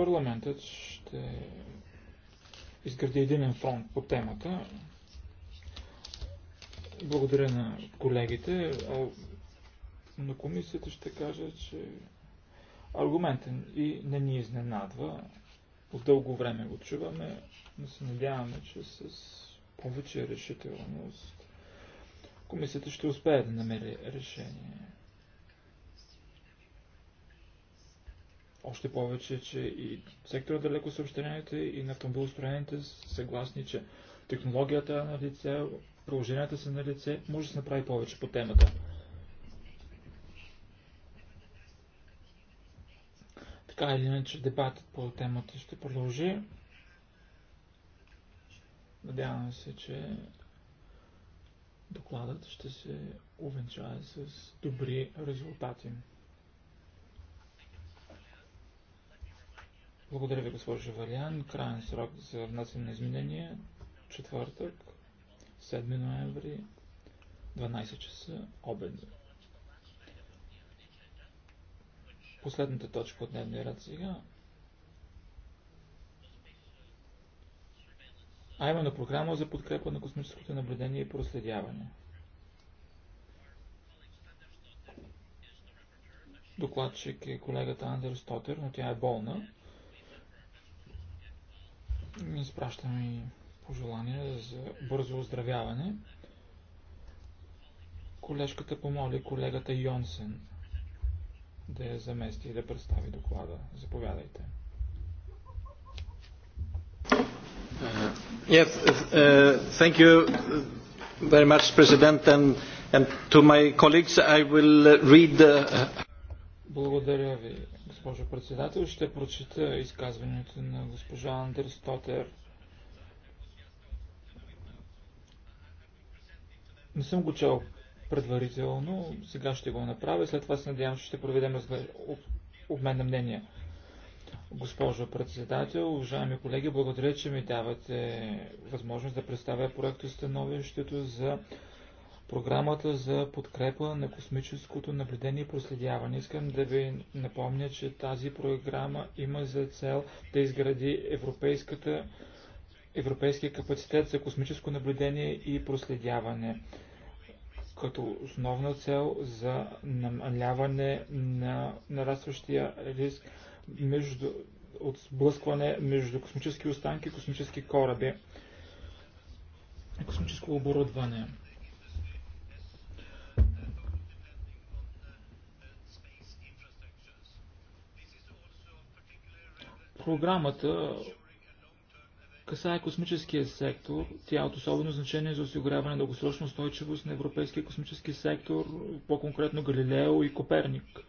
[SPEAKER 4] парламентът ще изгради един фронт по темата. Благодаря на колегите. А на комисията ще кажа, че аргументът и не ни изненадва. От дълго време го чуваме, но се надяваме, че с повече решителност комисията ще успее да намери решение. Още повече, че и сектора далеко съобщенията и на автомобилостроените са съгласни, че технологията е на лице, приложенията са на лице, може да се направи повече по темата. Така или иначе дебатът по темата ще продължи. Надявам се, че докладът ще се увенчае с добри резултати. Благодаря ви, госпожо Валян. Крайен срок за внасяне на изменения. Четвъртък, 7 ноември, 12 часа, обед. Последната точка от дневния ред сега. А именно програма за подкрепа на космическото наблюдение и проследяване. Докладчик е колегата Андер Стотер, но тя е болна. Изпращаме и пожелания за бързо оздравяване. Колежката помоли колегата Йонсен да я замести и да представи доклада. Заповядайте.
[SPEAKER 5] Uh, Yes,
[SPEAKER 2] uh, thank you very much, President, and, and to my colleagues, I will uh, read the. Uh,
[SPEAKER 4] благодаря ви, госпожо председател. Ще прочита изказването на госпожа Андерс Тотер. Не съм го чел предварително, сега ще го направя, след това се надявам, че ще проведем об... обмен на мнения. Госпожо председател, уважаеми колеги, благодаря, че ми давате възможност да представя проекта становището за програмата за подкрепа на космическото наблюдение и проследяване. Искам да ви напомня, че тази програма има за цел да изгради европейската, европейския капацитет за космическо наблюдение и проследяване като основна цел за намаляване на нарастващия риск между, от сблъскване между космически останки и космически кораби космическо оборудване. Програмата касае космическия сектор. Тя е от особено значение за осигуряване на дългосрочна устойчивост на европейския космически сектор, по-конкретно Галилео и Коперник.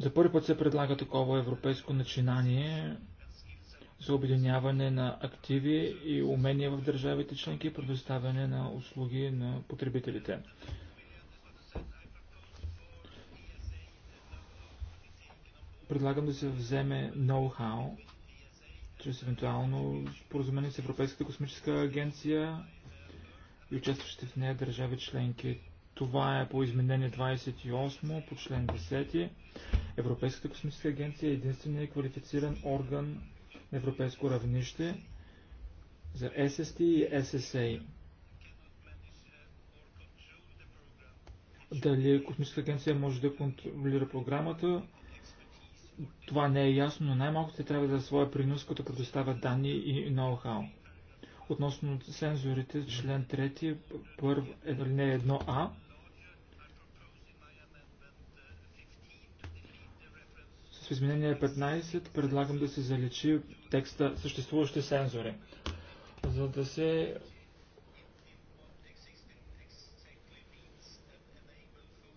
[SPEAKER 4] За първи път се предлага такова европейско начинание за обединяване на активи и умения в държавите членки и предоставяне на услуги на потребителите. предлагам да се вземе ноу-хау, чрез евентуално споразумение с Европейската космическа агенция и участващите в нея държави членки. Това е по изменение 28 по член 10. Европейската космическа агенция е единственият квалифициран орган на европейско равнище за SST и SSA. Дали космическа агенция може да контролира програмата, това не е ясно, но най-малко те трябва да за е своя принос, като предоставят данни и ноу-хау. Относно сензорите, член 3, първ, е, не 1А, с изменение 15 предлагам да се заличи текста съществуващи сензори, за да се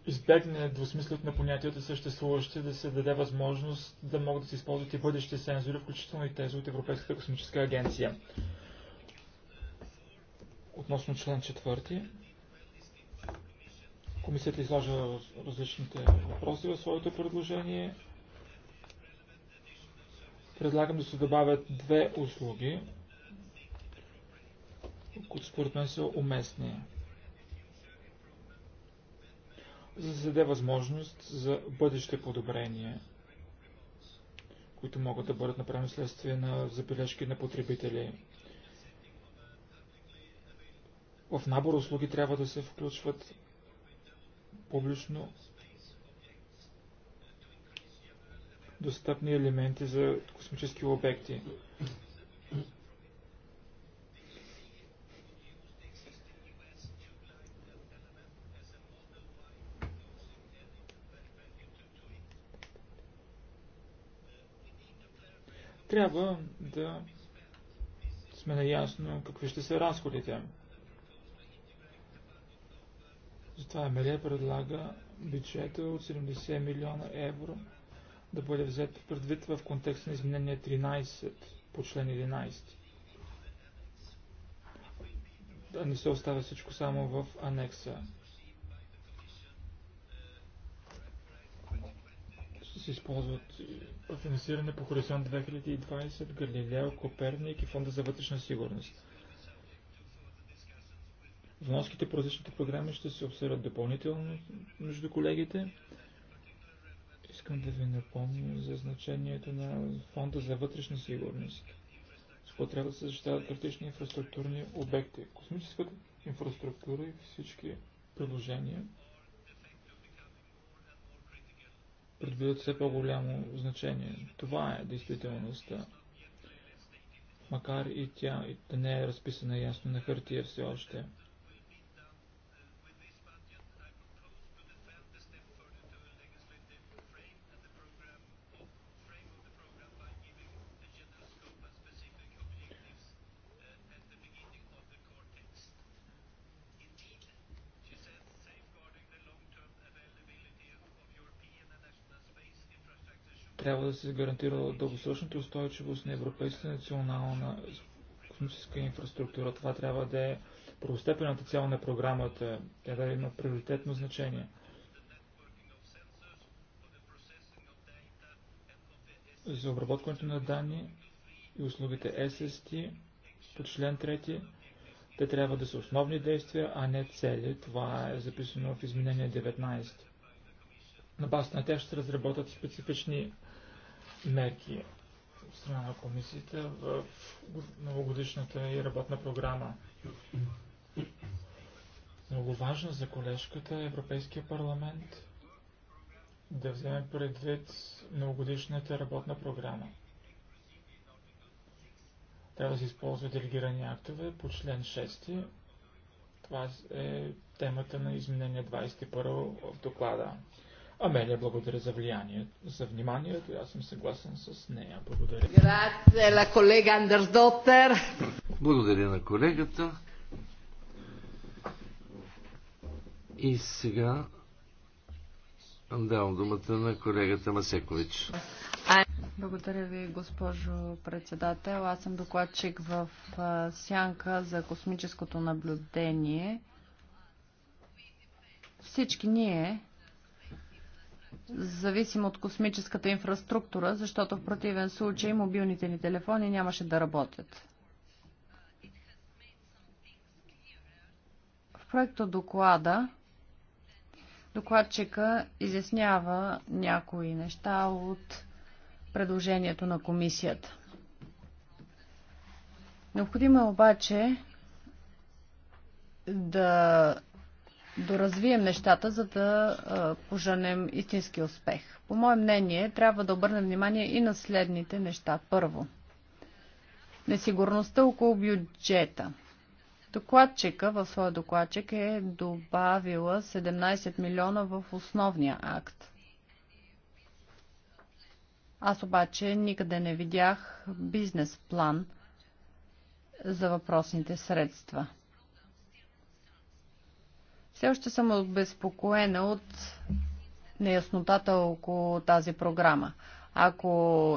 [SPEAKER 4] избегне двусмислят на понятията съществуващи, да се даде възможност да могат да се използват и бъдещи сензори, включително и тези от Европейската космическа агенция. Относно член 4, комисията изложа различните въпроси в своето предложение. Предлагам да се добавят две услуги, които според мен са уместни за да даде възможност за бъдеще подобрения, които могат да бъдат направени следствие на забележки на потребители. В набор услуги трябва да се включват публично достъпни елементи за космически обекти. трябва да сме наясно какви ще са разходите. Затова Емелия предлага бюджета от 70 милиона евро да бъде взет предвид в контекста на изменение 13 по член 11. Да не се оставя всичко само в анекса. се използват е, финансиране по Хоризонт 2020, Галилео, Коперник и Фонда за вътрешна сигурност. Вноските по различните програми ще се обсъдят допълнително между колегите. Искам да ви напомня за значението на Фонда за вътрешна сигурност, с което трябва да се защитават критични инфраструктурни обекти, космическата инфраструктура и всички приложения – придобиват все по-голямо значение. Това е действителността. Макар и тя да не е разписана ясно на хартия все още.
[SPEAKER 5] Трябва да се гарантира дългосрочната
[SPEAKER 4] устойчивост на европейската национална космическа инфраструктура. Това трябва да е първостепената цяло на програмата. Тя да има приоритетно значение. За обработването на данни и услугите SST по член 3 те трябва да са основни действия, а не цели. Това е записано в изменение 19. На базата на тях ще се разработят специфични мерки от страна на комисията в новогодишната и работна програма. Много важно за колежката е Европейския парламент да вземе предвид новогодишната работна програма. Трябва да се използва делегирани актове по член 6. Това е темата на изменение 21 в доклада. Амелия, благодаря за влиянието, за вниманието и аз съм съгласен с нея. Благодаря. Грация на
[SPEAKER 1] колега Андерсдоттер.
[SPEAKER 2] Благодаря на колегата. И сега давам думата на колегата Масекович.
[SPEAKER 3] Благодаря ви, госпожо председател. Аз съм докладчик в Сянка за космическото наблюдение. Всички ние зависим от космическата инфраструктура, защото в противен случай мобилните ни телефони нямаше да работят. В проекто доклада докладчика изяснява някои неща от предложението на комисията. Необходимо е обаче да доразвием нещата, за да а, поженем истински успех. По мое мнение, трябва да обърнем внимание и на следните неща. Първо, несигурността около бюджета. Докладчика в своя докладчик е добавила 17 милиона в основния акт. Аз обаче никъде не видях бизнес план за въпросните средства. Все още съм обезпокоена от неяснотата около тази програма. Ако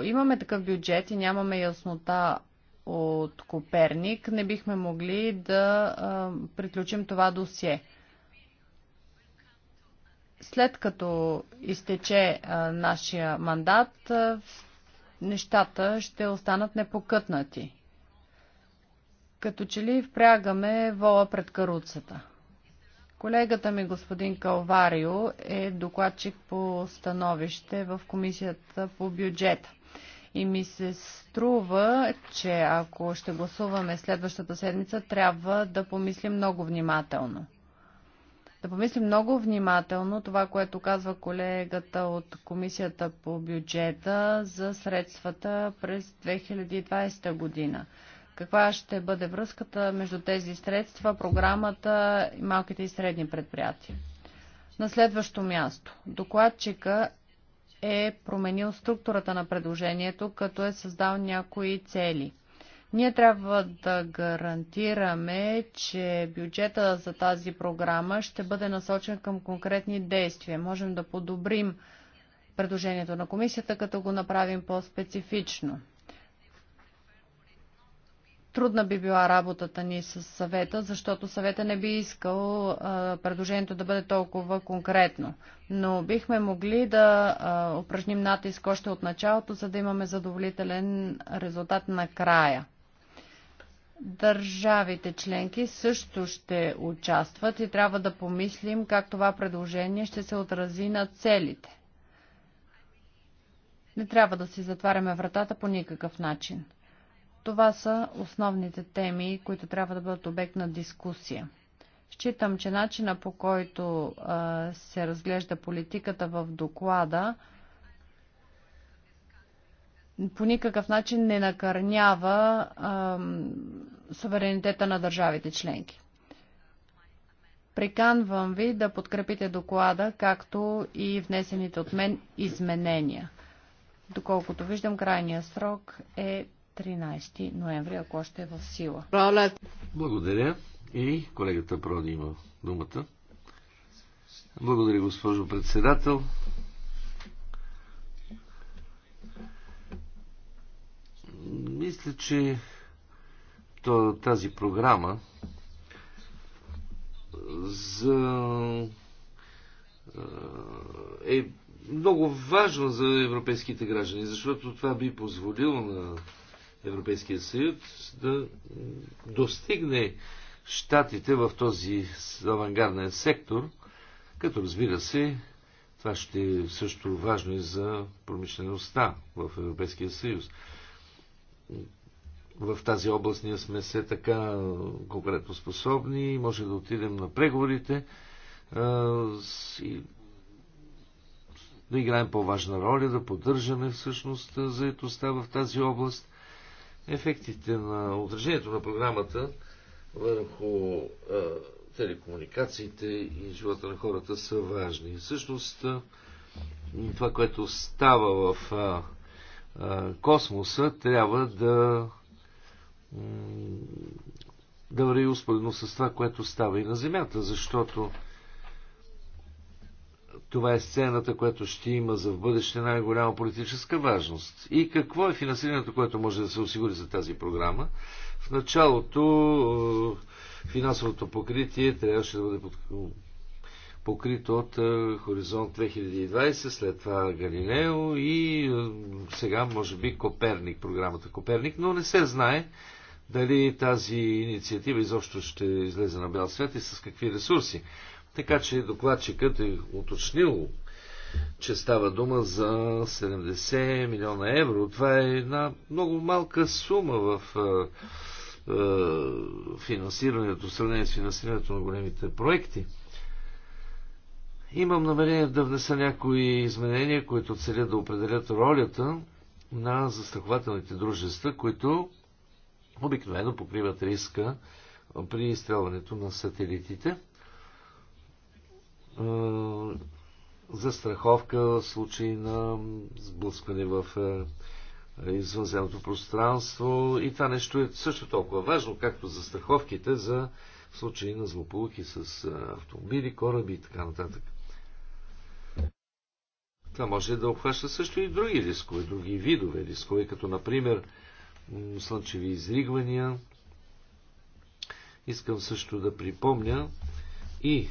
[SPEAKER 3] имаме такъв бюджет и нямаме яснота от Коперник, не бихме могли да а, приключим това досие. След като изтече а, нашия мандат, а, нещата ще останат непокътнати. Като че ли впрягаме вола пред каруцата. Колегата ми, господин Калварио, е докладчик по становище в Комисията по бюджета. И ми се струва, че ако ще гласуваме следващата седмица, трябва да помислим много внимателно. Да помислим много внимателно това, което казва колегата от Комисията по бюджета за средствата през 2020 година. Каква ще бъде връзката между тези средства, програмата и малките и средни предприятия? На следващо място, докладчика е променил структурата на предложението, като е създал някои цели. Ние трябва да гарантираме, че бюджета за тази програма ще бъде насочен към конкретни действия. Можем да подобрим предложението на комисията, като го направим по-специфично. Трудна би била работата ни с съвета, защото съвета не би искал предложението да бъде толкова конкретно. Но бихме могли да упражним натиск още от началото, за да имаме задоволителен резултат накрая. Държавите членки също ще участват и трябва да помислим как това предложение ще се отрази на целите. Не трябва да си затваряме вратата по никакъв начин. Това са основните теми, които трябва да бъдат обект на дискусия. Считам, че начина по който а, се разглежда политиката в доклада по никакъв начин не накърнява а, суверенитета на държавите членки. Приканвам ви да подкрепите доклада, както и внесените от мен изменения. Доколкото виждам, крайния срок е 13 ноември, ако още е в сила.
[SPEAKER 2] Благодаря. И колегата Проди има думата. Благодаря, госпожо председател. Мисля, че тази програма за, е, е много важна за европейските граждани, защото това би позволило на Европейския съюз да достигне щатите в този авангарден сектор, като разбира се, това ще е също важно и за промишлеността в Европейския съюз. В тази област ние сме все така конкретно способни, може да отидем на преговорите и да играем по-важна роля, да поддържаме всъщност заедостта в тази област ефектите на отражението на програмата върху телекомуникациите и живота на хората са важни. Всъщност, това, което става в космоса, трябва да да върви успоредно с това, което става и на Земята, защото това е сцената, която ще има за в бъдеще най-голяма политическа важност. И какво е финансирането, което може да се осигури за тази програма? В началото е, финансовото покритие трябваше да бъде под... покрито от е, Хоризонт 2020, след това Галилео и е, сега може би Коперник, програмата Коперник, но не се знае дали тази инициатива изобщо ще излезе на бял свят и с какви ресурси. Така че докладчикът е уточнил, че става дума за 70 милиона евро. Това е една много малка сума в е, е, финансирането, в сравнение с финансирането на големите проекти. Имам намерение да внеса някои изменения, които целят да определят ролята на застрахователните дружества, които обикновено покриват риска при изстрелването на сателитите застраховка в случай на сблъскване в извънземното пространство и това нещо е също толкова важно, както за страховките за случаи на злополуки с автомобили, кораби и така нататък. Това може да обхваща също и други рискове, други видове рискове, като например слънчеви изригвания. Искам също да припомня и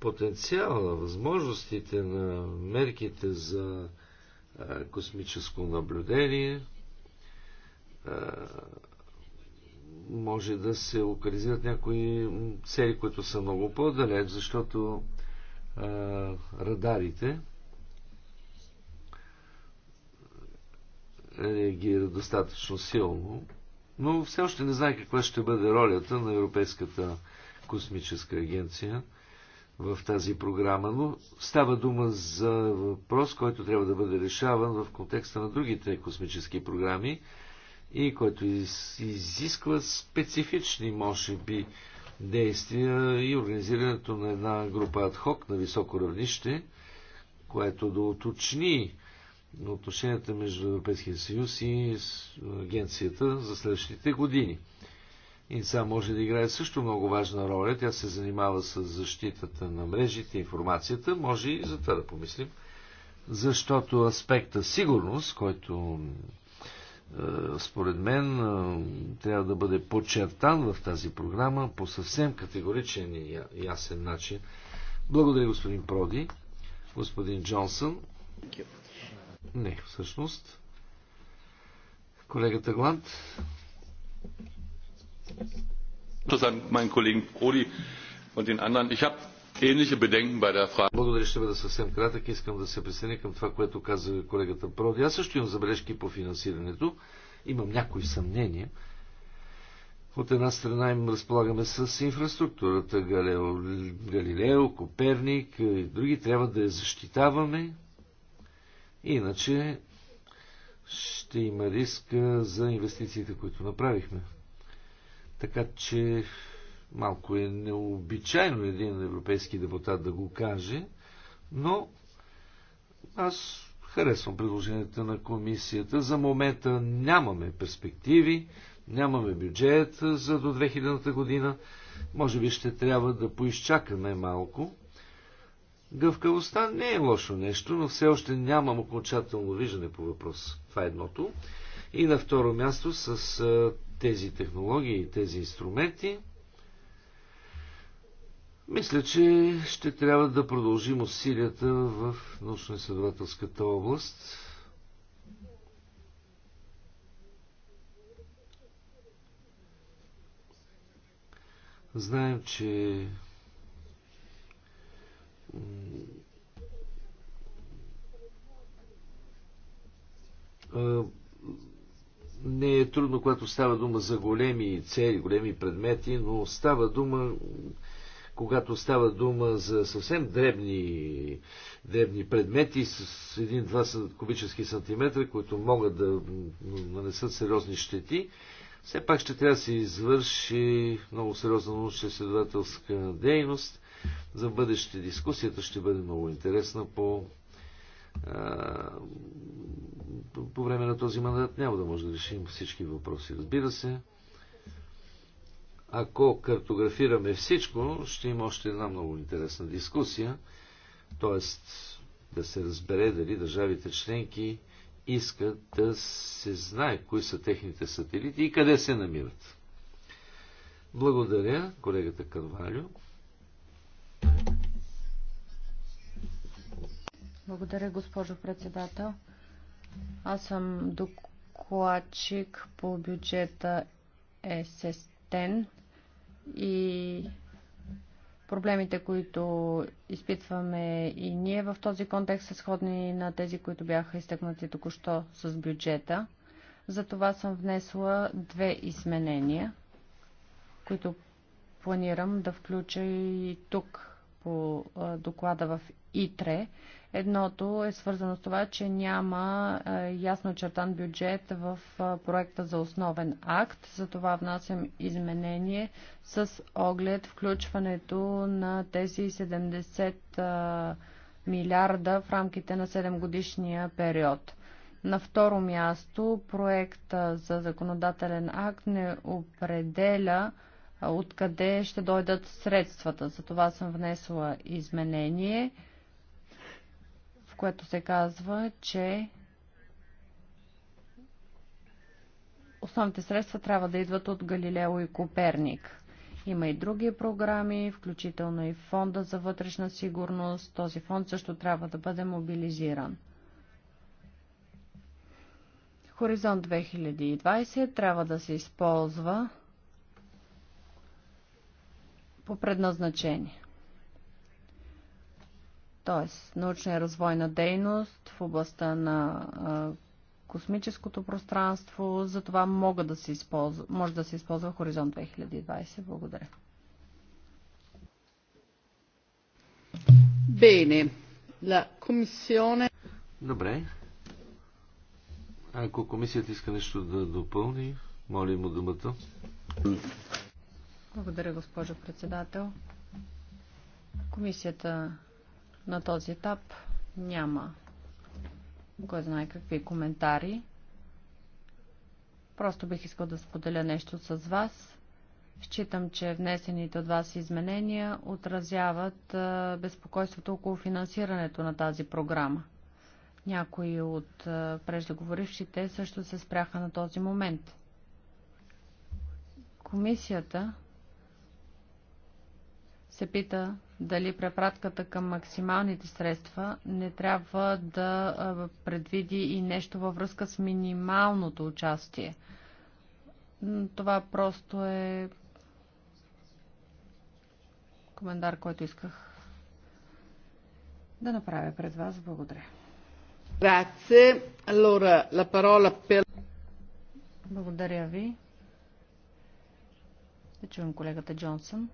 [SPEAKER 2] потенциала, възможностите на мерките за космическо наблюдение може да се локализират някои цели, които са много по-далеч, защото радарите реагират достатъчно силно, но все още не знае каква ще бъде ролята на Европейската космическа агенция – в тази програма, но става дума за въпрос, който трябва да бъде решаван в контекста на другите космически програми и който изисква специфични, може би, действия и организирането на една група адхок на високо равнище, което да уточни отношенията между Европейския съюз и Агенцията за следващите години. ИНСА може да играе също много важна роля. Тя се занимава с защитата на мрежите, информацията. Може и за това да помислим. Защото аспекта сигурност, който е, според мен е, трябва да бъде подчертан в тази програма по съвсем категоричен и ясен начин. Благодаря, господин Проди. Господин Джонсън. Не, всъщност. Колегата Гланд. Благодаря, ще бъда съвсем кратък. Искам да се присъединя към това, което каза колегата Проди. Аз също имам забележки по финансирането. Имам някои съмнения. От една страна им разполагаме с инфраструктурата Галео, Галилео, Коперник и други. Трябва да я защитаваме. Иначе ще има риск за инвестициите, които направихме. Така че малко е необичайно един европейски депутат да го каже, но аз харесвам предложенията на комисията. За момента нямаме перспективи, нямаме бюджет за до 2000 година. Може би ще трябва да поизчакаме малко. Гъвкавостта не е лошо нещо, но все още нямам окончателно виждане по въпрос. Това е едното. И на второ място с тези технологии и тези инструменти, мисля, че ще трябва да продължим усилията в научно-изследователската област. Знаем, че не е трудно, когато става дума за големи цели, големи предмети, но става дума, когато става дума за съвсем дребни, дребни предмети с един-два кубически сантиметра, които могат да нанесат сериозни щети, все пак ще трябва да се извърши много сериозна научно-изследователска дейност. За бъдеще дискусията ще бъде много интересна по по време на този мандат няма да може да решим всички въпроси. Разбира се, ако картографираме всичко, ще има още една много интересна дискусия, т.е. да се разбере дали държавите членки искат да се знае кои са техните сателити и къде се намират. Благодаря, колегата Канвалю.
[SPEAKER 3] Благодаря, госпожо председател. Аз съм докладчик по бюджета ССТЕН и проблемите, които изпитваме и ние в този контекст са сходни на тези, които бяха изтъкнати току-що с бюджета. Затова съм внесла две изменения, които планирам да включа и тук по доклада в ИТРЕ. Едното е свързано с това, че няма е, ясно очертан бюджет в е, проекта за основен акт. Затова внасям изменение с оглед включването на тези 70 е, милиарда в рамките на 7 годишния период. На второ място, проекта за законодателен акт не определя откъде ще дойдат средствата. За това съм внесла изменение – което се казва, че основните средства трябва да идват от Галилео и Коперник. Има и други програми, включително и фонда за вътрешна сигурност. Този фонд също трябва да бъде мобилизиран. Хоризонт 2020 трябва да се използва по предназначение т.е. научна и развойна дейност в областта на космическото пространство. За това мога да се използва, може да се използва Хоризонт 2020. Благодаря.
[SPEAKER 1] Bene, la commissione...
[SPEAKER 2] Добре. Ако комисията иска нещо да допълни, моля му думата.
[SPEAKER 3] Благодаря, госпожо председател. Комисията на този етап няма кой знае какви коментари. Просто бих искал да споделя нещо с вас. Считам, че внесените от вас изменения отразяват безпокойството около финансирането на тази програма. Някои от преждеговорившите също се спряха на този момент. Комисията се пита дали препратката към максималните средства не трябва да предвиди и нещо във връзка с минималното участие. Това просто е коментар, който исках да направя пред
[SPEAKER 1] вас. Благодаря.
[SPEAKER 3] Благодаря ви. Да чуем колегата Джонсън.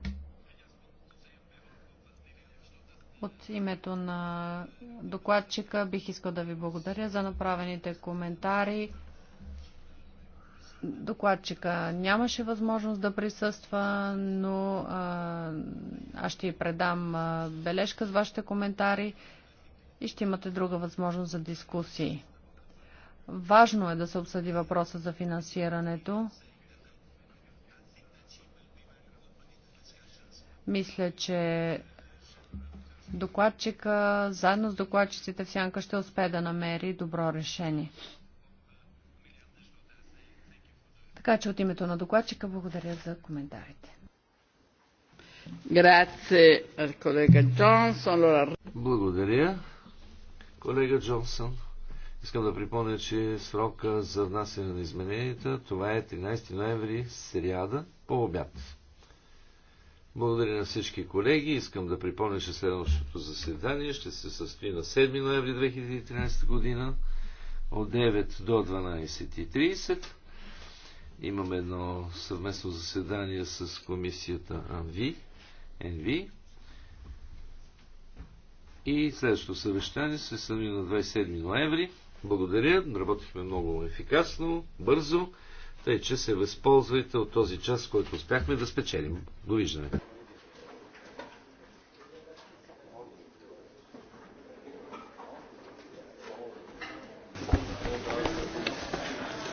[SPEAKER 3] От името на докладчика бих искал да ви благодаря за направените коментари. Докладчика нямаше възможност да присъства, но а, аз ще й предам бележка с вашите коментари и ще имате друга възможност за дискусии. Важно е да се обсъди въпроса за финансирането. Мисля, че докладчика, заедно с докладчиците в Сянка ще успее да намери добро решение. Така че от името на докладчика благодаря за коментарите.
[SPEAKER 1] Благодаря,
[SPEAKER 2] колега Джонсън. Искам да припомня, че срока за внасяне на измененията това е 13 ноември, сряда, по обяд. Благодаря на всички колеги. Искам да припомня, че следващото заседание ще се състои на 7 ноември 2013 година от 9 до 12.30. Имаме едно съвместно заседание с комисията АНВИ. НВ. И следващото съвещание се състои на 27 ноември. Благодаря. Работихме много ефикасно, бързо. Тъй, че се възползвайте от този час, който успяхме да спечелим. Довиждане!